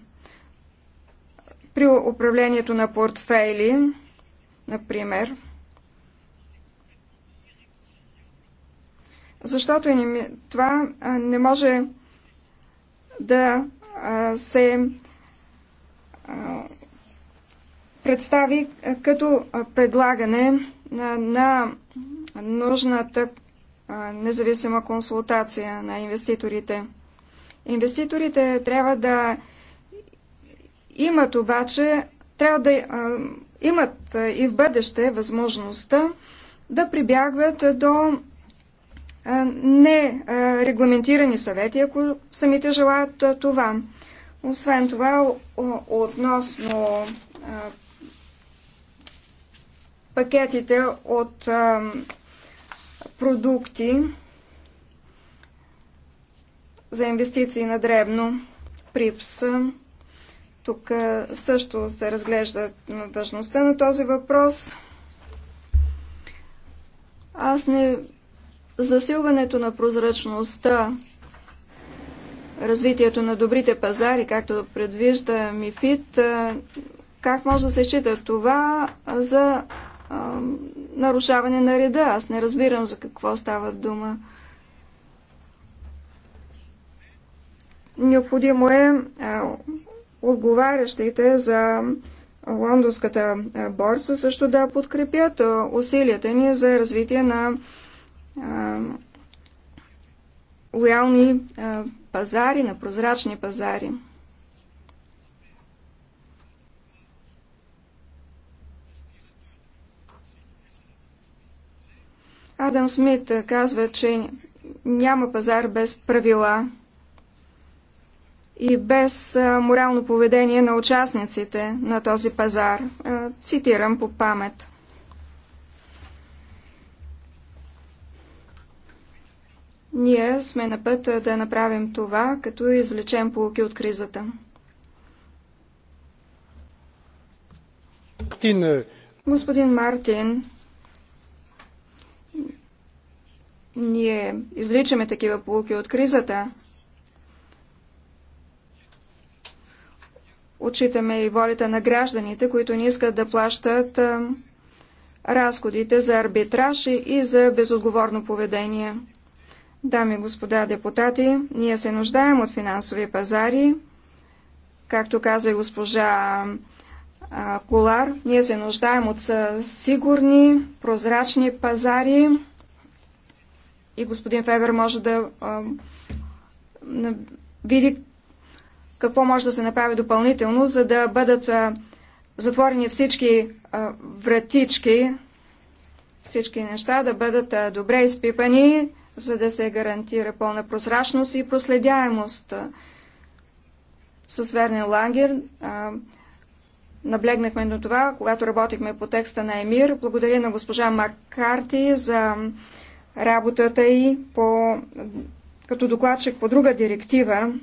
При управлението на портфейли, например, защото това не може да се представи като предлагане на нужната независима консултация на инвеститорите. Инвеститорите трябва да имат обаче, трябва да имат и в бъдеще възможността да прибягват до нерегламентирани съвети, ако самите желаят това. Освен това, относно пакетите от продукти за инвестиции на дребно, ПРИПС, тук също се разглежда важността на този въпрос. Аз не... Засилването на прозрачността развитието на добрите пазари, както предвижда МИФИД, как може да се счита това за а, нарушаване на реда? Аз не разбирам за какво става дума. Необходимо е а, отговарящите за лондонската борса също да подкрепят усилията ни за развитие на а, лоялни а, пазари, на прозрачни пазари. Адам Смит казва, че няма пазар без правила и без морално поведение на участниците на този пазар. Цитирам по памет. Ние сме на път да направим това, като извлечем полки от кризата. Е, Господин Мартин, ние извличаме такива полуки от кризата. Отчитаме и волята на гражданите, които не искат да плащат разходите за арбитраж и за безотговорно поведение. Дами и господа депутати, ние се нуждаем от финансови пазари. Както каза и госпожа Колар, ние се нуждаем от сигурни, прозрачни пазари. И господин Фебер може да а, види какво може да се направи допълнително, за да бъдат а, затворени всички а, вратички, всички неща да бъдат добре изпипани, за да се гарантира пълна прозрачност и проследяемост. С Верни Лангер а, наблегнахме на това, когато работихме по текста на Емир. Благодаря на госпожа Маккарти за работата и по, като докладчик по друга директива,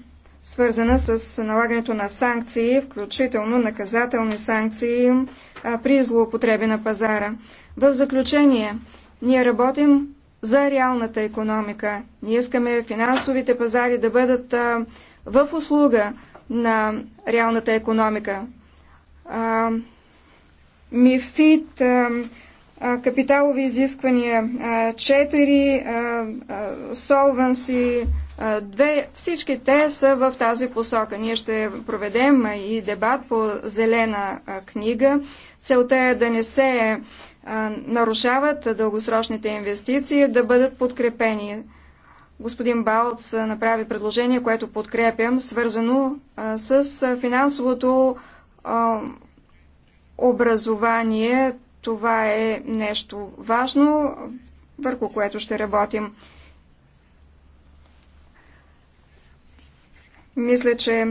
свързана с налагането на санкции, включително наказателни санкции а, при злоупотреби на пазара. В заключение, ние работим за реалната економика. Ние искаме финансовите пазари да бъдат в услуга на реалната економика. Мифит, капиталови изисквания 4, солванси, 2, всички те са в тази посока. Ние ще проведем и дебат по зелена книга. Целта е да не се нарушават дългосрочните инвестиции, да бъдат подкрепени. Господин Балц направи предложение, което подкрепям, свързано с финансовото образование. Това е нещо важно, върху което ще работим. Мисля, че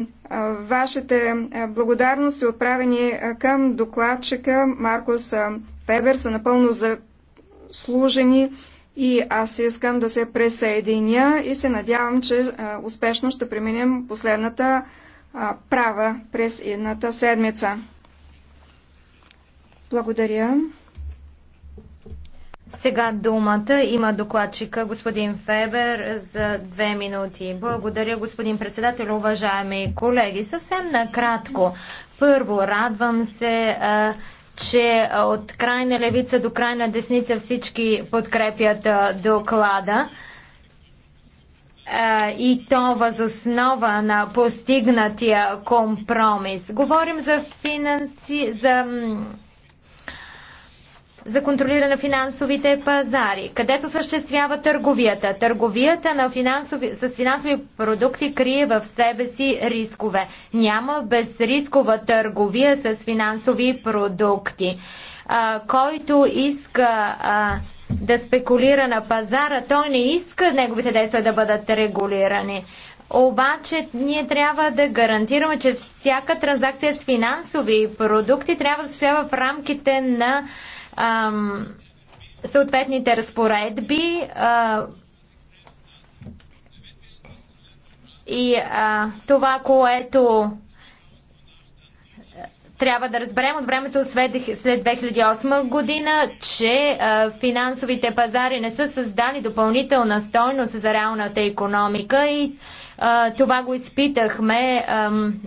вашите благодарности, отправени към докладчика Маркоса. Пебер са напълно заслужени и аз искам да се присъединя и се надявам, че успешно ще преминем последната права през едната седмица. Благодаря. Сега думата има докладчика господин Фебер за две минути. Благодаря, господин председател, уважаеми колеги. Съвсем накратко. Първо, радвам се. А, че от крайна левица до крайна десница всички подкрепят доклада и то възоснова на постигнатия компромис. Говорим за, финанси... за за контролиране на финансовите пазари. Къде се осъществява търговията? Търговията на финансови, с финансови продукти крие в себе си рискове. Няма безрискова търговия с финансови продукти. А, който иска а, да спекулира на пазара, той не иска неговите действия да бъдат регулирани. Обаче ние трябва да гарантираме, че всяка транзакция с финансови продукти трябва да се в рамките на ам, съответните разпоредби а, и а, това, което трябва да разберем от времето след 2008 година, че а, финансовите пазари не са създали допълнителна стойност за реалната економика и това го изпитахме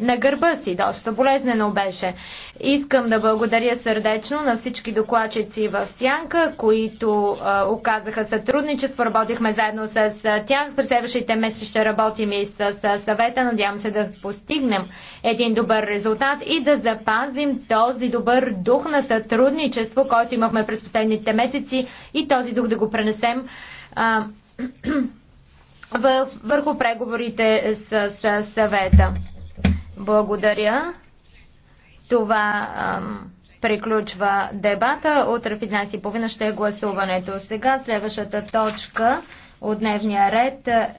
на гърба си. Доста болезнено беше. Искам да благодаря сърдечно на всички докладчици в Сянка, които оказаха сътрудничество. Работихме заедно с тях. През следващите месеци ще работим и с съвета. Надявам се да постигнем един добър резултат и да запазим този добър дух на сътрудничество, който имахме през последните месеци и този дух да го пренесем а, върху преговорите с, с съвета. Благодаря. Това ам, приключва дебата. Утре в 11.30 ще е гласуването. Сега следващата точка от дневния ред